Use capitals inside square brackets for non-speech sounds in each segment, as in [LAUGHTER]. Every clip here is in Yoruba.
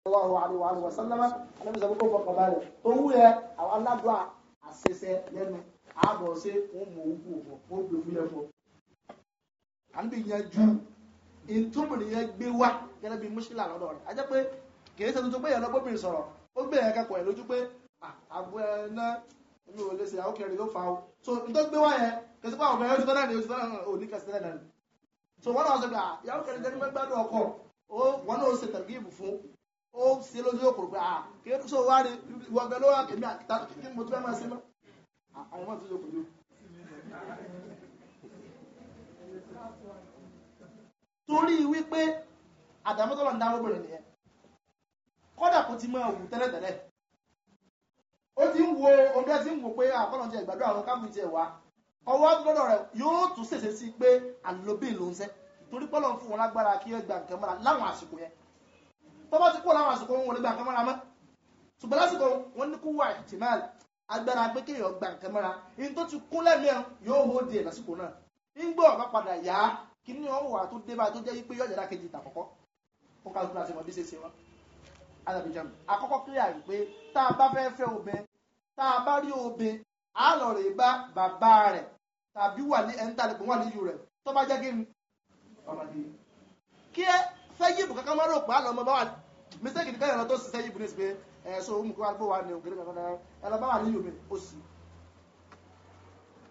sallallahu alaihi wa alihi wa sallama anabi sọ pé kó fọkàn balẹ̀ tó wú yẹ àwọn aládùn àṣẹṣẹ lẹ́nu àbọ̀ ṣe wọ́n mọ̀ òun kú òfò wọ́n gbé fúyẹ́ fún ọ. àbí yẹn ju ìtúbìnrin yẹn gbé wá gẹ́gẹ́ bí mùsùlùmí lọ́dọ̀ rẹ̀ ajẹ́ pé kìí ṣe tuntun pé yẹn lọ́gbọ́bìnrin sọ̀rọ̀ ó gbé yẹn kẹ́kọ̀ọ́ yẹn lójú pé àbú ẹ náà mi ò lè ṣe àwọn kẹrin ló fa o so n tó gbé wá yẹn kẹsí pé àwọn ọmọ yẹn ti fẹ́ràn ní oṣù fẹ́ràn òní kẹsí tẹ́lẹ̀ náà so wọ́n náà sọ pé àwọn kẹrin jẹ́ nígbà gbádùn ọkọ̀ o náà ó ṣe tẹ̀lé ìbù fún ó ṣe lójú òkùrù pé à ah, kí ló wá rí wọgbẹ ló wà kémi àti tàbí kí mo tún fẹ́ máa ṣe lọ ah, àwọn ọmọ torí wípé ń dá nìyẹn kódà ti máa wù tẹ́lẹ̀tẹ́lẹ̀ ó ti ń wo ọdún ti ń wo pé ah, ti ẹ̀gbàdo àwọn kámi ti wá ọwọ́ lọ́dọ̀ rẹ̀ yóò tún ṣèṣe sí pé torí pọ́lọ́ ń fún wọn lágbára kí gba nǹkan mọ́ra láwọn àsìkò yẹn tó bá ti kó láwọn àsìkò wọn lè gba nǹkan mọ́ra mọ́ ṣùgbọ́n lásìkò wọn ní kó wà ìtìmáàlì agbára pé kéèyàn gba nǹkan mọ́ra in tó ti kún lẹ́mìíràn yóò hó di ẹ̀ lásìkò náà nígbà ọ̀bá padà yá kí ni wọ́n wà tó dé bá tó jẹ́ wípé yọ̀jà dákejì tàkọ́kọ́ ó ká lóko láti mọ bí ṣe ṣe wọn. alábìjà mi àkọ́kọ́ kílíà rí tá a bá fẹ́ fẹ́ obìnrin tá a bá rí obìnrin á lọ rè bá bàbá rẹ̀ tàbí wà ní ẹ̀ńtà lẹ́pọ̀ wà níyù rẹ̀ tó bá jẹ́ kí ni ọmọdé kí ẹ sẹ́yìnbù kankan máa rò pé àlọ́ ọmọ bá wà mistake nìkan ìrànlọ́ tó sì sẹ́yìnbù ní ìsìnkú ẹ̀ so òun kò wá gbó wa ní òkèrè kankan náà ẹ̀rọ bá wà ní yòmí ó sì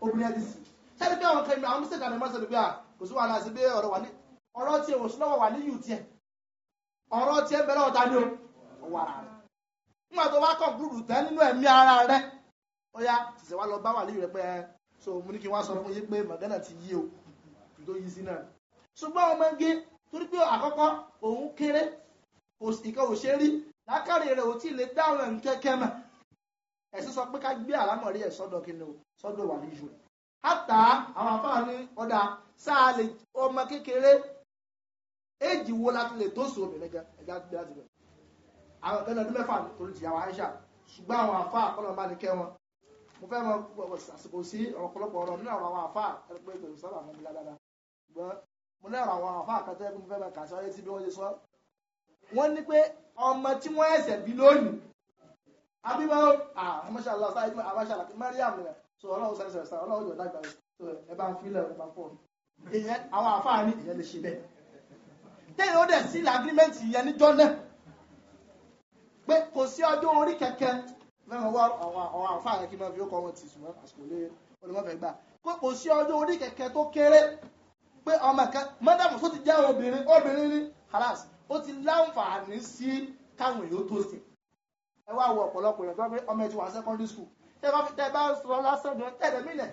obìnrin ẹni sì sẹ́ni pé àwọn kẹrin àwọn mistake àmì mọ́sẹ̀ níbi à kò sí wàhálà sí ọ̀rọ̀ wà ní ọ̀rọ̀ tiẹ̀ wò sílọ́wọ́ wà ni ó wà rẹ̀ nígbà tó wá ara torí pé àkọ́kọ́ òun kéré ìkan ò ṣe rí lákàrí rẹ̀ ò tí ì lè dáhùn ẹ̀mí kẹ́kẹ́ mọ̀ ẹ̀sìn sọ pé ká gbé àlámọ̀rí ẹ̀ sọ́dọ̀ kí ni o sọ́dọ̀ wà ní ìṣòro hátà àwọn afáà ní ọ̀dà sáà lè ọmọ kékeré éèjì wo láti lè tó sùn obìnrin gan ẹ̀já gbé láti bẹ̀rẹ̀ àwọn ọ̀gbẹ́ni ọdún mẹ́fà torí ti yàwó Aisha ṣùgbọ́n àwọn afáà kọ́nà bá ní kẹ́ wọn mo fẹ́ mọ àsìkò sí ọ̀pọ̀lọpọ̀ ọ̀rọ̀ nínú àwọn afáà ẹni pé ìgbẹ̀rù sábà mọ́ mi ládáadáa ṣùgbọ́n mo lẹ́rọ àwọn àwọn afáà kan tó yẹ kó mo fẹ́ máa kà sí ọyẹ tí bí wọ́n ṣe sọ wọ́n ní pé ọmọ tí wọ́n ẹ̀sẹ̀ bí lónìí abímọ àmọ́ṣàlá sáyé àmọ́ṣàlá mariam rẹ̀ so ọlọ́run sẹ́rẹ̀ sẹ́rẹ̀ sẹ́rẹ̀ ọlọ́run jọ̀dá gbà so ẹ bá ń filẹ̀ ẹ bá ń fọ́ ìyẹn àwọn àfáà ní ìyẹn lè ṣe bẹ́ẹ̀ tẹ́yìn ó dẹ̀ sí agírímẹ́ǹtì ìyẹn níjọ́ náà pé kò sí ọjọ́ orí kẹ̀kẹ́ mẹ́wọ̀n wá àwọn àfáà yẹn kí n máa fi ó kọ́ wọn ti sùn mọ́ àsìkò lé olùmọ́fẹ́ gbà pé kò sí ọjọ́ orí kẹ̀kẹ́ tó kéré pé ọmọ kan mọ́dàmù tó ti jẹ́ obìnrin obìnrin ní halas ó ti láǹfààní sí káwọn èèyàn tó sè ẹ wá wo ọ̀pọ̀lọpọ̀ èèyàn tó wá pé ọmọ ẹ ti wà secondary school tẹ́ bá fi tẹ́ bá sọ lásán ni wọ́n tẹ̀lé mílẹ̀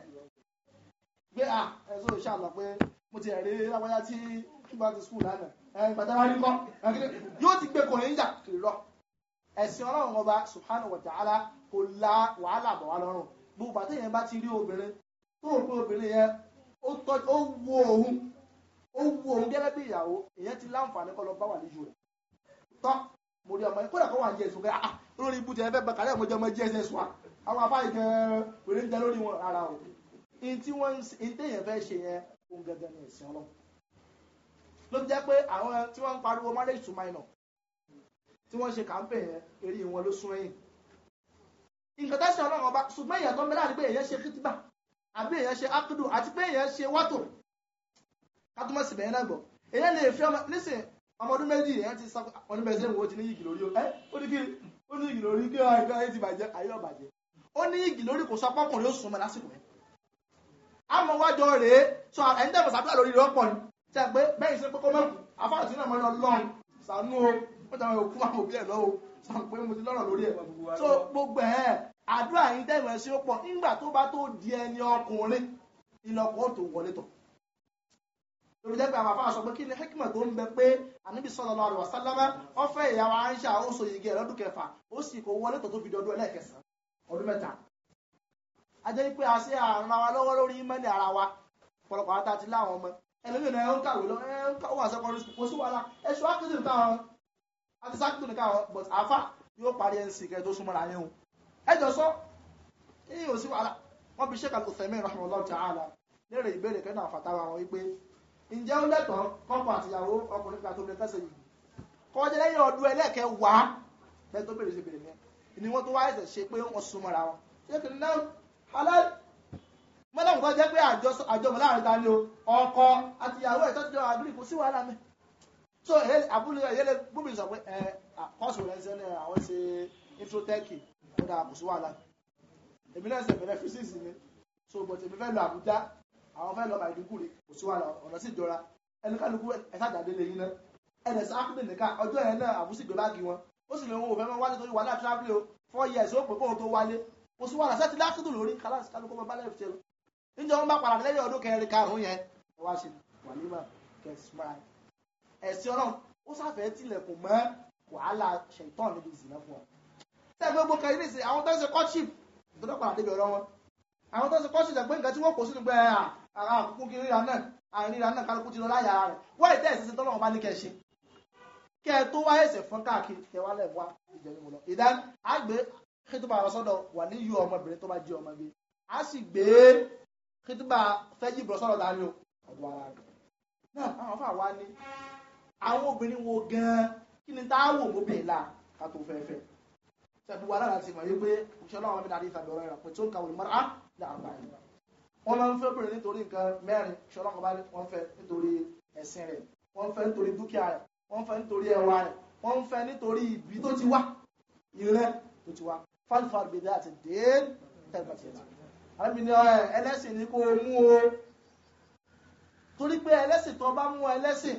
pé à ẹ sọ ìṣàlọ pé mo ti rí lápáyá tí nígbà tí school lánàá ẹ gbàtà wá rí kọ́ yóò ti gbé kòrè níjà kiri lọ ẹ̀sìn ọlọ́run ọba subhanahu wa ta'ala kò la wàhálà bọ̀ wá lọ́rùn gbogbo àtẹ̀yẹn bá ti rí obìnrin tó rò pé obìnrin yẹn ó wo òun ó wo òun gẹ́gẹ́ bí ìyàwó èèyàn ti láǹfààní kọ́ lọ bá wà níjú rẹ̀ tọ́ mo rí ọmọ yẹn kódà kó wà ní ẹ̀sùn pé ah, ah lórí ibùdó ẹ̀fẹ́ bá kàrí ọmọdé ọmọ jss wa àwọn afáyí gan-an wèrè ń jẹ lórí wọn rárá o in tí wọ́n ń téèyàn fẹ́ ṣe yẹn òun gẹ́gẹ́ ní ẹ̀sìn ọlọ́run ló jẹ́ pé àwọn tí wọ́n ń pariwo marriage to minor tí wọ́n ṣe kàńpẹ̀ yẹn eré wọn ló sún ẹ̀yìn nǹkan tẹ́sán ọlọ́run ọba ṣùgbọ́n ìyàtọ̀ mẹ́rà ni pé èèyàn ṣe kítíbà àbí èèyàn ṣe ákùdù àti pé èèyàn ṣe wátò kátúmọ̀ sí bẹ̀yẹn náà gbọ̀ èèyàn lè fi ọmọ nísìn ọmọ ọdún méjì èèyàn ti sá ah, ọdún méjì lè wọ́n ti ní yìgì lórí o ẹ ó ní kiri ó ní yìgì lórí kí ọ̀hún ẹ̀ka ti bàjẹ́ ayé ọ̀bàjẹ́ ó ní yìgì lórí kò sọ pọ́kùnrin ó sùn mọ́ lásìkò yẹn àmọ́ wájọ rèé sọ ẹ̀yìn tẹ́ pé lórí ẹ̀ àdúrà yín tẹ̀wọ̀n ẹ̀ sí ó pọ̀ nígbà tó bá tó di ẹni ọkùnrin ìlọ́pọ̀ tó wọlé tọ̀ lórí jẹ́ pé àwọn afáàsọ pé kí ni hekima tó ń bẹ pé ànábì sallallahu alaihi wasallam ó fẹ́ ìyàwó Àìṣà ó so yìí gẹ̀ẹ́ lọ́dún kẹfà ó sì kó wọlé tó tó fi dọdún ẹlẹ́ẹ̀kẹsàn ọdún mẹ́ta a jẹ́ pé a ṣe àrùn ara lọ́wọ́ lórí mẹ́ni ara wa ọ̀pọ̀lọpọ̀ àwọn tàti láwọn ọmọ ẹ̀ ẹjọ sọ èyí ò sí wàhálà wọ́n bí Sheikh Al-Uthaymin rahimahullah ta'ala lérè ìbéèrè kẹ́nà àfàtàwà wọn wípé ǹjẹ́ ó lẹ́tọ̀ọ́ kọ́kọ́ àtìyàwó ọkùnrin kan tó lè tẹ́sẹ̀ yìí kọjá lẹ́yìn ọdún ẹlẹ́ẹ̀kẹ́ wá lẹ́tọ́ bèrè sí bèrè yẹn ni wọ́n tó wá ẹ̀sẹ̀ ṣe pé wọ́n súnmọ́ ra wọn ṣé kìnnìún náà halal mọ́lẹ́mù tó jẹ́ pé àjọmọ̀ láàrin ta ni o ọkọ àtìyàwó ẹ̀ tọ́jú àdúrà kò sí wàhálà mi so àbúlé ẹ̀yẹ́lẹ́ bùbí sọ pé ẹ̀ àkọ́sùn rẹ̀ ń sẹ́ni àwọn ṣe introtech ó dára kò sí wàhálà èmi náà ṣẹ̀ bẹ̀rẹ̀ físíìsì ni so but èmi fẹ́ lọ Àbújá àwọn fẹ́ lọ Maiduguri kò sí wàhálà ọ̀nà sì jọra ẹnikálukú ẹ̀sàdàdé lè yín náà ẹ̀dẹ̀ sáfìlì nìkan ọjọ́ yẹn náà àbúsí gbé báàgì wọn ó sì lè wọn ò fẹ́ máa wálé torí wàhálà travel o four years ó pè kóhun tó wálé kò sí wàhálà sẹ́tì lákìtù lórí kálásì kálukú ọmọ bálẹ̀ ìfẹ́ lọ níjọ́ wọn bá padà lẹ́yìn ọdún kẹrin karùn-ún yẹn wá sí wàlímà kẹsìmáà ẹ̀sìn Ọlọ́run ó sáfẹ́ tilẹ̀kùn mọ́ wàhálà ṣètọ́ níbi ìsìn náà fún ọ tẹ́ gbogbo kẹrin ní ìsìn àwọn tó ń ṣe courtship tó dọ́pàá àdébì ọ̀rọ̀ wọn àwọn tó ń ṣe courtship pé nǹkan tí wọ́n kò sínú gbẹ ara àkókò kí ríra náà àríra náà kálukú ti lọ láyà rẹ̀ wọ́n ìdẹ́ ìsinsin tọ́lọ́wọ́n bá ní kẹ́ ṣe kí ẹ tó wáyé ẹsẹ̀ fún káàkiri kẹ wá lẹ̀ wá ìjẹ́rìmù lọ ìdá àgbẹ̀ kìtùbà rọ̀sọ́dọ̀ wà ní yú ọmọbìnrin tó bá jẹ́ ọmọ gbé a sì gbé kìtùbà fẹ́jì bọ̀sọ́dọ̀ dání o ọ̀dọ̀ ara rẹ̀ náà àwọn fà wá ní àwọn obìnrin wo gan-an kí ni táwọn òbí là ká tó fẹ́ fẹ́ sẹ́gbù wa lára ti mọ̀ wípé ìṣọ́lá wọn bídá àdíta bẹ̀rẹ̀ rẹ̀ pé tó ń kàwé mọ́ra ní àgbà yìí wọ́n máa ń fẹ́ obìnrin nítorí nǹkan mẹ́rin ìṣọ́lá wọn bá wọ́n fẹ́ nítorí ẹ̀sìn rẹ̀ wọ́n fẹ́ nítorí dúkìá rẹ̀ wọ́n fẹ́ nítorí ẹwà rẹ̀ wọ́n fẹ́ nítorí ibi tó ti wá ìrẹ́ tó ti wá fàlùfàlù bèdè àti déèl tẹ́gbàtìyà ẹlẹ́sìn ni kò mú o torí pé ẹlẹ́sìn tó bá mú ẹlẹ́sìn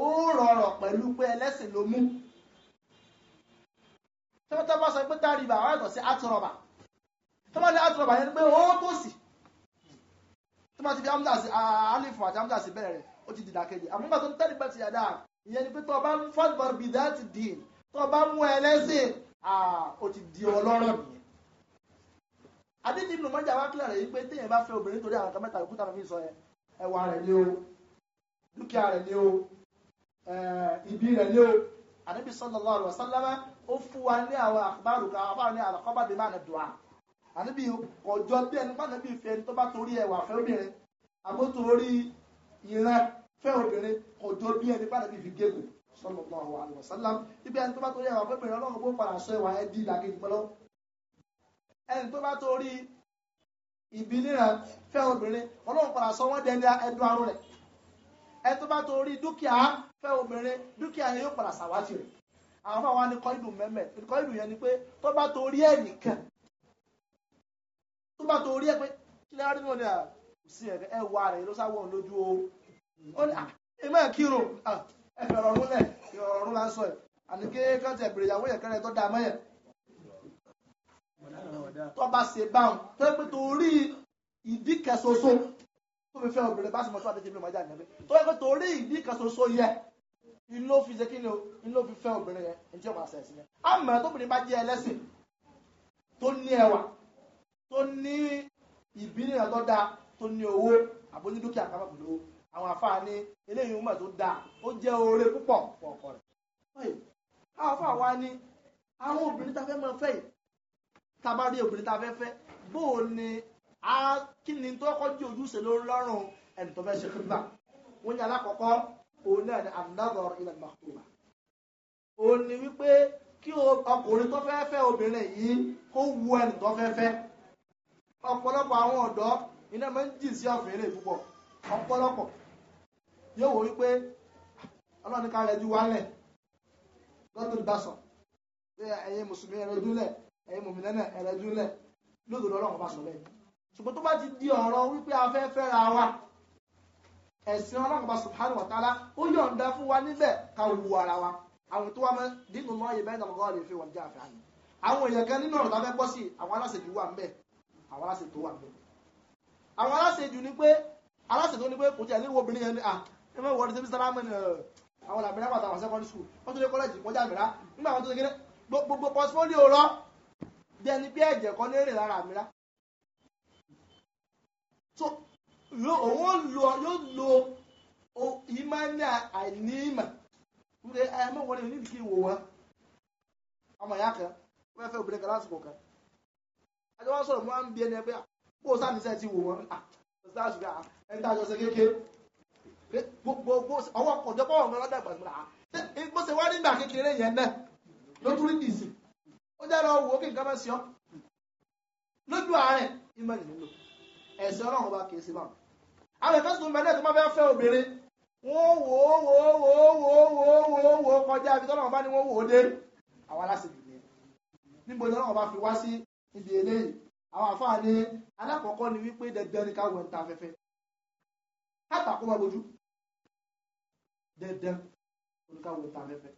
ó rọrọ̀ pẹ̀lú pé ẹlẹ́sìn ló mú tí wọ́n tọ́bọ́ sọ pé dáríbà wọ́n yàtọ̀ sí àtúrọ̀bà tó bá lé àtúrọ̀bà yẹn pé ó tó sì tó bá ti fi amúdà sí ah, alifu àti amúdà sí bẹ̀rẹ̀ ó ti dìdà kejì àmúgbà tó ń tẹ́lẹ̀ bẹ́ẹ̀ ti yàdá ìyẹn ni pé tó bá ń fọ́dùbọ̀rù bìdá ti dì tó bá mú ẹ lẹ́sìn ah, ó ti di ọlọ́rọ̀ nìyẹn adídì ìbùnú mọ́jà wá kílẹ̀ rẹ̀ yìí pé téèyàn bá fẹ́ obìnrin torí àwọn kan mẹ́ta ìkúta mi sọ ẹwà rẹ̀ ni o dúkìá rẹ̀ ni o eh, ibi rẹ̀ ni o àníbi sallallahu alaihi wasallam ó fún wa ní àwọn àkùbárò kan àwọn àbáwọn ní àlàkọ́bà bíi máa nà dùn á àníbi kọjọ bí ẹni bá nàbí ìfẹ́ ẹni tó bá torí ẹwà fẹ́ obìnrin àbótò orí ìran fẹ́ obìnrin kọjọ bí ẹni bá nàbí ìfi gégùn sallallahu alaihi wasallam ibi ẹni tó bá torí ẹwà pẹ́pẹ́rẹ́ ọlọ́run bó padà sọ ẹwà ẹdí ìlàkejì pẹ́lọ́ ẹni tó bá torí ìbí níran fẹ́ obìnrin ọlọ́run padà sọ wọ́n dẹni ẹdùn arú rẹ̀ ẹni tó bá torí dúkìá fẹ́ obìnrin dúkìá yẹn yóò padà sàwátì rẹ̀ àwọn fún àwọn anìkọ́ ìdùn mẹ́mẹ́ ìkọ́ ìdùn yẹn ni pé tó bá torí ẹ̀ nìkan tó bá torí ẹ̀ pé kí lẹ́yìn nínú ni à kò sí ẹ̀ ẹ̀ wà rẹ̀ ló sáwọ́ òun lójú o ó ní ẹ máa kírun ẹ fẹ̀rọ̀ ọ̀run lẹ̀ ìrọ̀rọ̀ ọ̀run la ń sọ ẹ̀ àní kí kọ́ńtì ẹ̀bìrì ìyàwó yẹn kẹrẹ tó dáa mọ́ yẹn tó bá ṣe báwọn tó pé torí ìdí kẹsoso tó fi fẹ́ obìnrin bá sì mọ́ tó àdéjì mi mọ́ jáde níbi tó pé inú fi ṣe kí ni o inú fi fẹ́ obìnrin yẹn ní tí ó máa ṣẹ̀ sí yẹn àmọ́ tóbìnrin bá jẹ́ ẹlẹ́sìn tó ní ẹwà tó ní ìbílẹ̀ tó dáa tó ní owó àbójú dúkìá kan pẹ̀lú owó àwọn àfáà ní eléyìí mọ̀ tó dáa ó jẹ́ oore púpọ̀ fún ọkọ rẹ̀ àwọn àfáà wa ní àwọn obìnrin tá a fẹ́ máa fẹ́ yìí tá a bá rí obìnrin tá a fẹ́ fẹ́ bóò ni kí ni tó kọjú ojúṣe lórun ẹni tó òun náà ni an-nazar ila al-maktuma òun ni wípé kí ọkùnrin tó fẹ́ fẹ́ obìnrin yìí kó wu ẹni tó fẹ́ fẹ́ ọ̀pọ̀lọpọ̀ àwọn ọ̀dọ́ iná máa ń jì sí ọ̀fẹ́rẹ́ púpọ̀ ọ̀pọ̀lọpọ̀ yóò wò wípé ọlọ́ni ká rẹ̀ ju wálẹ̀ lọ́tún ìbásọ̀ pé ẹ̀yin mùsùlùmí ẹ̀rẹ̀ dúlẹ̀ ẹ̀yin mùmìnẹ́nà ẹ̀rẹ̀ dúlẹ̀ lóòdòdó ọlọ́run bá sọ bẹ́ẹ̀ ṣùgbọ́n tó bá ti di ọ̀rọ̀ wípé afẹ́fẹ́ ra wa ẹ̀sìn ọlọ́gbà subhanahu wa ta'ala ó yọ̀ǹda fún wa níbẹ̀ ká wu ara wa àwọn tó wà mọ́ dínú mọ́ yìí bẹ́ẹ̀ nàmọ́gọ́ fi wọ́n jẹ́ àfihàn yìí àwọn èèyàn kan nínú ọ̀rọ̀ tá a fẹ́ bọ́ sí àwọn aláṣejù wà ńbẹ̀ àwọn aláṣejù wà ńbẹ̀ àwọn aláṣejù ni pé aláṣejù ni pé kò jẹ́ níwọ̀ obìnrin yẹn ni ah ẹ mọ̀ wọ́n ti fi sálámù ni àwọn làmìlá pàtàkì àwọn secondary school wọ́n tún lé kọ́lẹ́jì wọ́n jàmìlá nígbà wọn tún lé kéré gbogbo portfolio rọ bí ẹni bí ẹ̀jẹ̀ kan òun yóò lo ìmánà àìní ìmọ̀ wúre ayamọ́wọ́n ní ìdíkì ìwò wọn ọmọ ìyá kan wọ́n fẹ́ obìnrin kan lásìkò kan ajọ́ wọn sọ̀rọ̀ wọn bí ẹni ẹgbẹ́ pé sáàmì sẹ́ẹ̀ ti wò wọn ṣáàṣù bí ẹni tá a ṣe gbogbo ọwọ́ kọjọ́ pọ̀ bó ṣe wá nígbà kékeré yẹn náà ló tún rí ó jẹ́ wò ó ọ́ lójú ìmọ̀ ìlú ẹ̀sìn ọlọ́run kì í ṣe báwọn àwọn ìkan sùn mẹ́lẹ̀ tó máa fẹ́ fẹ́ obìnrin wọ́n wò ó wò ó wò ó wò ó wò ó wò ó wò ó kọjá ibi tọ́lọ́wọ́n bá ní wọ́n wò ó dé àwọn aláṣẹbì ni níbo ni ọlọ́wọ́n bá fi wá sí ibi eléyìí àwọn àfáà ní alákọ̀ọ́kọ́ ni wípé dẹ̀dẹ̀ ní káwọ̀ ń ta afẹ́fẹ́ látàkó bá bojú dẹ̀dẹ̀ ní káwọ̀ ń ta afẹ́fẹ́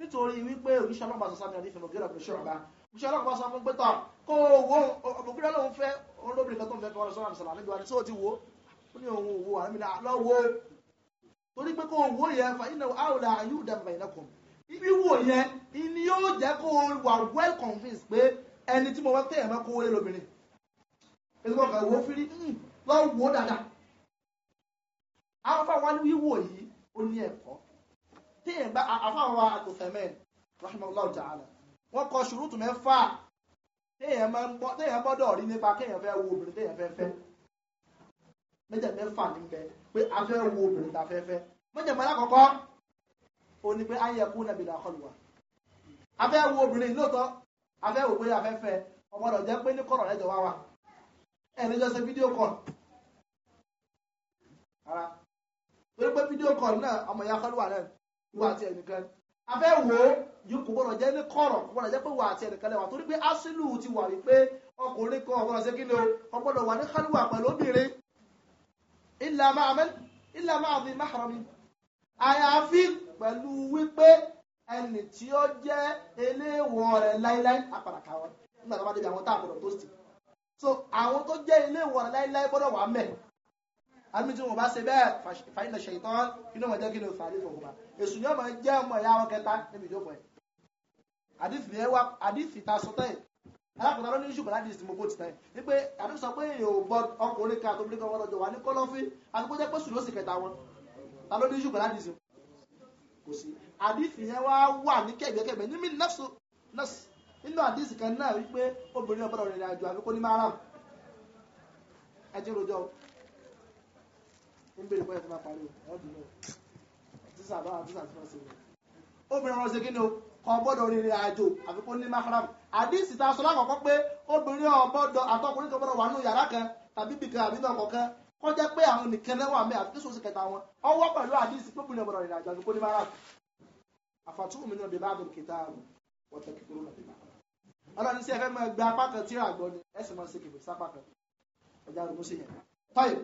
nítorí wípé òṣìṣẹ́ ọlọ́pàá sọ́sá ní àdífẹ́ mọ̀gídà fún ṣọ́ọ̀bá òṣìṣẹ́ ọlọ́pàá sọ fún pẹ́tọ̀ kó owó ọmọgídà lóun fẹ́ olóbìnrin lọ́tọ́ fẹ́ fẹ́ ọ̀rọ̀ sọ́nà àmì sàlàmì ìwádìí tí ó ti wo ó ní òun òwò àrẹ́mìlá lọ́wọ́ torí pé kó owó yẹn fa iná àwòrán ayé ìdàmùfà ìlẹ́kùn ibi wò yẹn ni yóò jẹ́ kó wà well convinced pé ẹni tí mo wá tẹ̀yẹ̀ mọ́ kó wọlé lóbìnrin ètò ọkọ̀ ìwò fírí hmm, lọ́wọ́ dáadáa àwọn fáwọn wíwò yìí ó ní ẹ̀kọ́ tẹ̀yẹ̀ bá àfáwọn àtòfẹ́mẹ́ rahimahullah ta'ala wọ́n kọ ṣùrùtù mẹ́fà tẹ̀yẹ̀ gbọ́dọ̀ rí nípa kéèyàn fẹ́ wo obìnrin tẹ̀yẹ̀ fẹ́ fẹ́ mẹ́jẹ̀ mẹ́fà níbẹ̀ pé a fẹ́ wo obìnrin ta fẹ́fẹ́ mẹ́jẹ̀ mẹ́lá kọ̀kọ́ o ní pé a yẹ kú nàbìlà ọkọlùwà a fẹ́ wo obìnrin lóòótọ́ a fẹ́ wò pé a fẹ́fẹ́ ọmọdọ̀ jẹ́ pé ní kọ̀rọ̀ lẹ́jọ́ wá wa ẹni jọ ṣe fídíò kọ̀ ara torí pé fídíò kọ̀ náà ọmọ ya ọkọlùwà náà ìwà àti ẹnìkan a fẹ́ wo yìí kò gbọ́dọ̀ jẹ́ ní kọ̀rọ̀ kò gbọ́dọ̀ jẹ́ pé wà àti ẹnìkan lẹ́wà torí pé asílù ti wà wípé ọkùnrin kan ọ̀gbọ́dọ̀ ṣe kí ni o ọgbọ́dọ̀ wà ní kálíwà pẹ̀lú obìnrin ilà máa mẹ́ ilà máa fi máhàrọ̀ mi àyàfi pẹ̀lú wípé ẹnì tí ó jẹ́ eléwọ̀ rẹ̀ láíláí apàdàkà wọn nígbà tó bá débi àwọn tá tó sì so àwọn tó jẹ́ eléwọ̀ rẹ̀ láíláí gbọ́dọ̀ wà mẹ́ àdúgbò tí wọn bá ṣe bẹ́ẹ̀ fàyínà ṣèyítán inú ọmọdé kí ni o fàlẹ́ fọwọ́ bá èsù ni ọmọ jẹ́ ọmọ ìyá wọn kẹta níbi ìjókòó ẹ̀ àdìsí ta sọ ẹ̀rọ àpòtà ló ní ṣùgbọ́n láti ìsinmi bó ti tẹ̀ ya pé àdúgbò sọ pé èèyàn ò gbọ́ ọkùnrin kọlọfị àtòbìnrin kan ọlọ́jọ́ wà ní kọ́lọ́fín àti kó jẹ́ pé sùn ló sì kẹta wọn ta ló ní ṣùgbọ́n láti ìsinmi wá wà ọgbọ́dọ̀ rìnrìn àjò àfikún ní mahram àdìsí ta sọ lákọ̀ọ́kọ́ pé obìnrin ọgbọ́dọ̀ àtọkùnrin kan gbọ́dọ̀ wà nínú yàrá kan tàbí ibìkan àbí náà kọ̀ọ̀kan kọ́ jẹ́ pé àwọn nìkan lẹ́wọ̀n àmì àti kíso kẹta wọn ọwọ́ pẹ̀lú àdìsí pé obìnrin ọgbọ́dọ̀ rìnrìn àjò àfikún ní mahram àfàtúwò mi náà bèbá àdùn kìtà wọ́tẹ̀ kíkúrú náà bèbá ọlọ́run sí ẹ̀fẹ́ mọ́ ẹgbẹ́ apá kan tíra àgbọ̀ ni ẹ̀sìn mọ́ sí kìbìsí apá kan ẹ̀já rẹ̀ mọ́sí yẹn tọ́yọ̀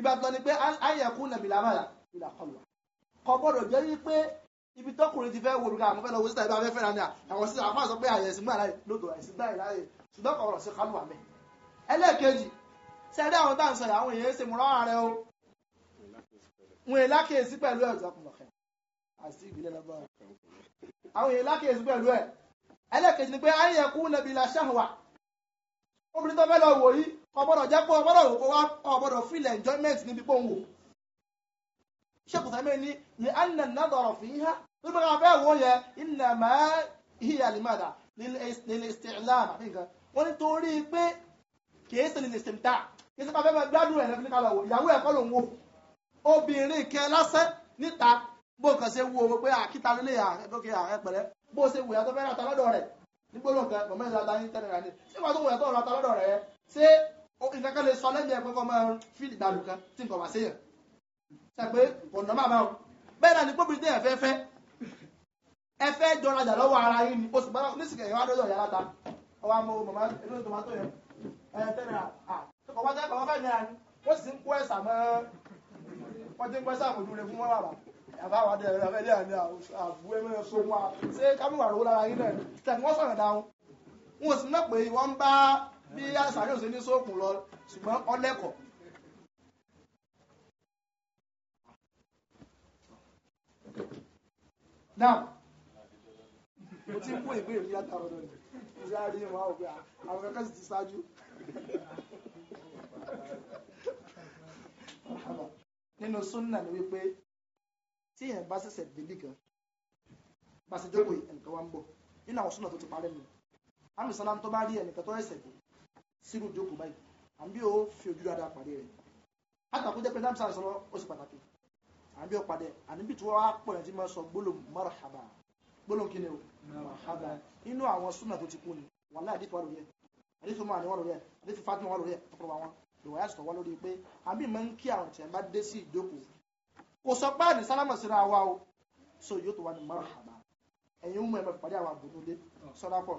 ìbátan ni pé ayẹ̀kú nàbìlà mọ́ra ìlà kọlù kọ́ gbọ́dọ̀ jẹ́ wípé ibi tọkùnrin ti fẹ́ wo olùkọ́ àwọn fẹ́lẹ́ owó síta ìbá fẹ́ fẹ́ra ni àwọn síta àfáà sọ pé àyẹ̀sí gbà láyè lóòótọ́ àyẹ̀sí gbà láyè ṣùgbọ́n kan ọ̀rọ̀ sí kálù wà mẹ́. ẹlẹ́ẹ̀kejì sẹ́ẹ̀dá àwọn táà ń sọ̀rọ̀ àwọn èèyàn ṣe mú rán ara o wọn èèyàn lákèésí pẹ̀lú ẹ̀ jọkùnmọ̀kẹ́ àti ìbílẹ̀ lọ́gbọ̀n àwọn èèyàn lákèésí pẹ̀lú ẹ̀ ẹlẹ́ẹ̀kejì ni pé ayé ẹ̀kú nàbí la ṣáhùwà obìnrin tó fẹ́ lọ wò yìí ọgbọ́dọ̀ jẹ́ pé ọgbọ́dọ̀ ọgbọ́dọ̀ feel enjoyment níbi pòun wò sẹ́kù sàmẹ́ ní ní anna nadọ̀rọ̀ fi ha ló bá wọn fẹ́ wọ yẹ iná máa híyà lèmọ́dà lílẹ̀ ìsìláàmù àbí nǹkan wọ́n ní torí pé kìí ṣe lílẹ̀ ìsìmtà kìí ṣe pàfẹ́ máa gbádùn ẹ̀rẹ́ fún kálọ̀ wò ìyàwó ẹ̀kọ́ ló ń wò obìnrin kẹ lásán níta bó nǹkan ṣe wo pé àkíta lólè àkẹ́kọ̀ọ́ ààrẹ pẹ̀lẹ́ bó ṣe wò yàtọ̀ fẹ́ràn àtàlọ́dọ̀ rẹ̀ nígbòrò nǹkan mọ̀mọ́ ìlú adáyín tẹ́lẹ̀ rà ní tó wò yàtọ̀ ọ̀rọ̀ àtàlọ́dọ̀ rẹ̀ ṣé nǹkan kan lè sọ lẹ́yìn ẹ̀pẹ́kọ́ máa ń fi ìgbàlù kan tí nǹkan wà séyàn sàpé kò nọ́ bàbá o bẹ́ẹ̀ náà ni pópin tẹ́yàn fẹ́ fẹ́ ẹ fẹ́ jọrajà lọ́wọ́ ara yín ni oṣù bára nísìkẹ̀ yẹn wá dọ́dọ̀ yàrá ta ọwọ́ àmọ́ màmá inú tòmátò yẹn ẹ tẹ́lẹ̀ à kọ̀kọ́ bá tẹ́lẹ̀ kọ̀kọ́ bẹ́ẹ̀ náà ni wọ́n sì ń kó ẹ̀sà mọ́ wọ́n ti kámúwà rówó lára yín náà tẹ̀sí wọ́n sọ̀rọ̀ wọn ò sì mọ̀ pé wọ́n bá bí àṣà ní sóòkùn lọ ṣùgbọ́n ọlẹ́kọ̀ọ́ náà mo ti ń kó ìbéèrè ní látàrọ lónìí mo ti á rí wọn àwọn òpin àwọn kankan sì ti ṣáájú. nínú súnà ni wípé tí èèyàn bá ṣẹ̀ṣẹ̀ délé kan bá ṣe jókòó ẹnìkan wá ń bọ̀ nínú àwọn súnà tó ti parẹ́ nù àmì sálám tó bá rí ẹnìkan tó ẹ̀ṣẹ̀ dé sírù jókòó báyìí àbí ó fi ojú dáadáa pàdé rẹ̀ látàkùn jẹ́ pé dáàmì sáré sọ́rọ́ ó sì pàtàkì àbí ọ̀pàdé àníbi tí wọ́n á pọ̀ yẹn ti máa sọ gbólóhùn marhaba gbólóhùn kí ni o marhaba inú àwọn súnà tó ti kú ni wàhálà àdìtú wà lórí ẹ̀ àdìtú máa ní wà lórí ẹ̀ àdìtú fatima wà lórí ẹ̀ ọ̀pọ̀lọpọ̀ àwọn ìwà yà sọ̀ wá lórí pé àbí máa ń kí àwọn tiẹ̀ bá dé sí ìjókòó kò sọ pé àní sálámà síra wa o so yóò tó wà ní marhaba ẹ̀yin ń mú ẹ̀mọ́ ìpàdé àwọn àbùnú dé sọ́dá pọ̀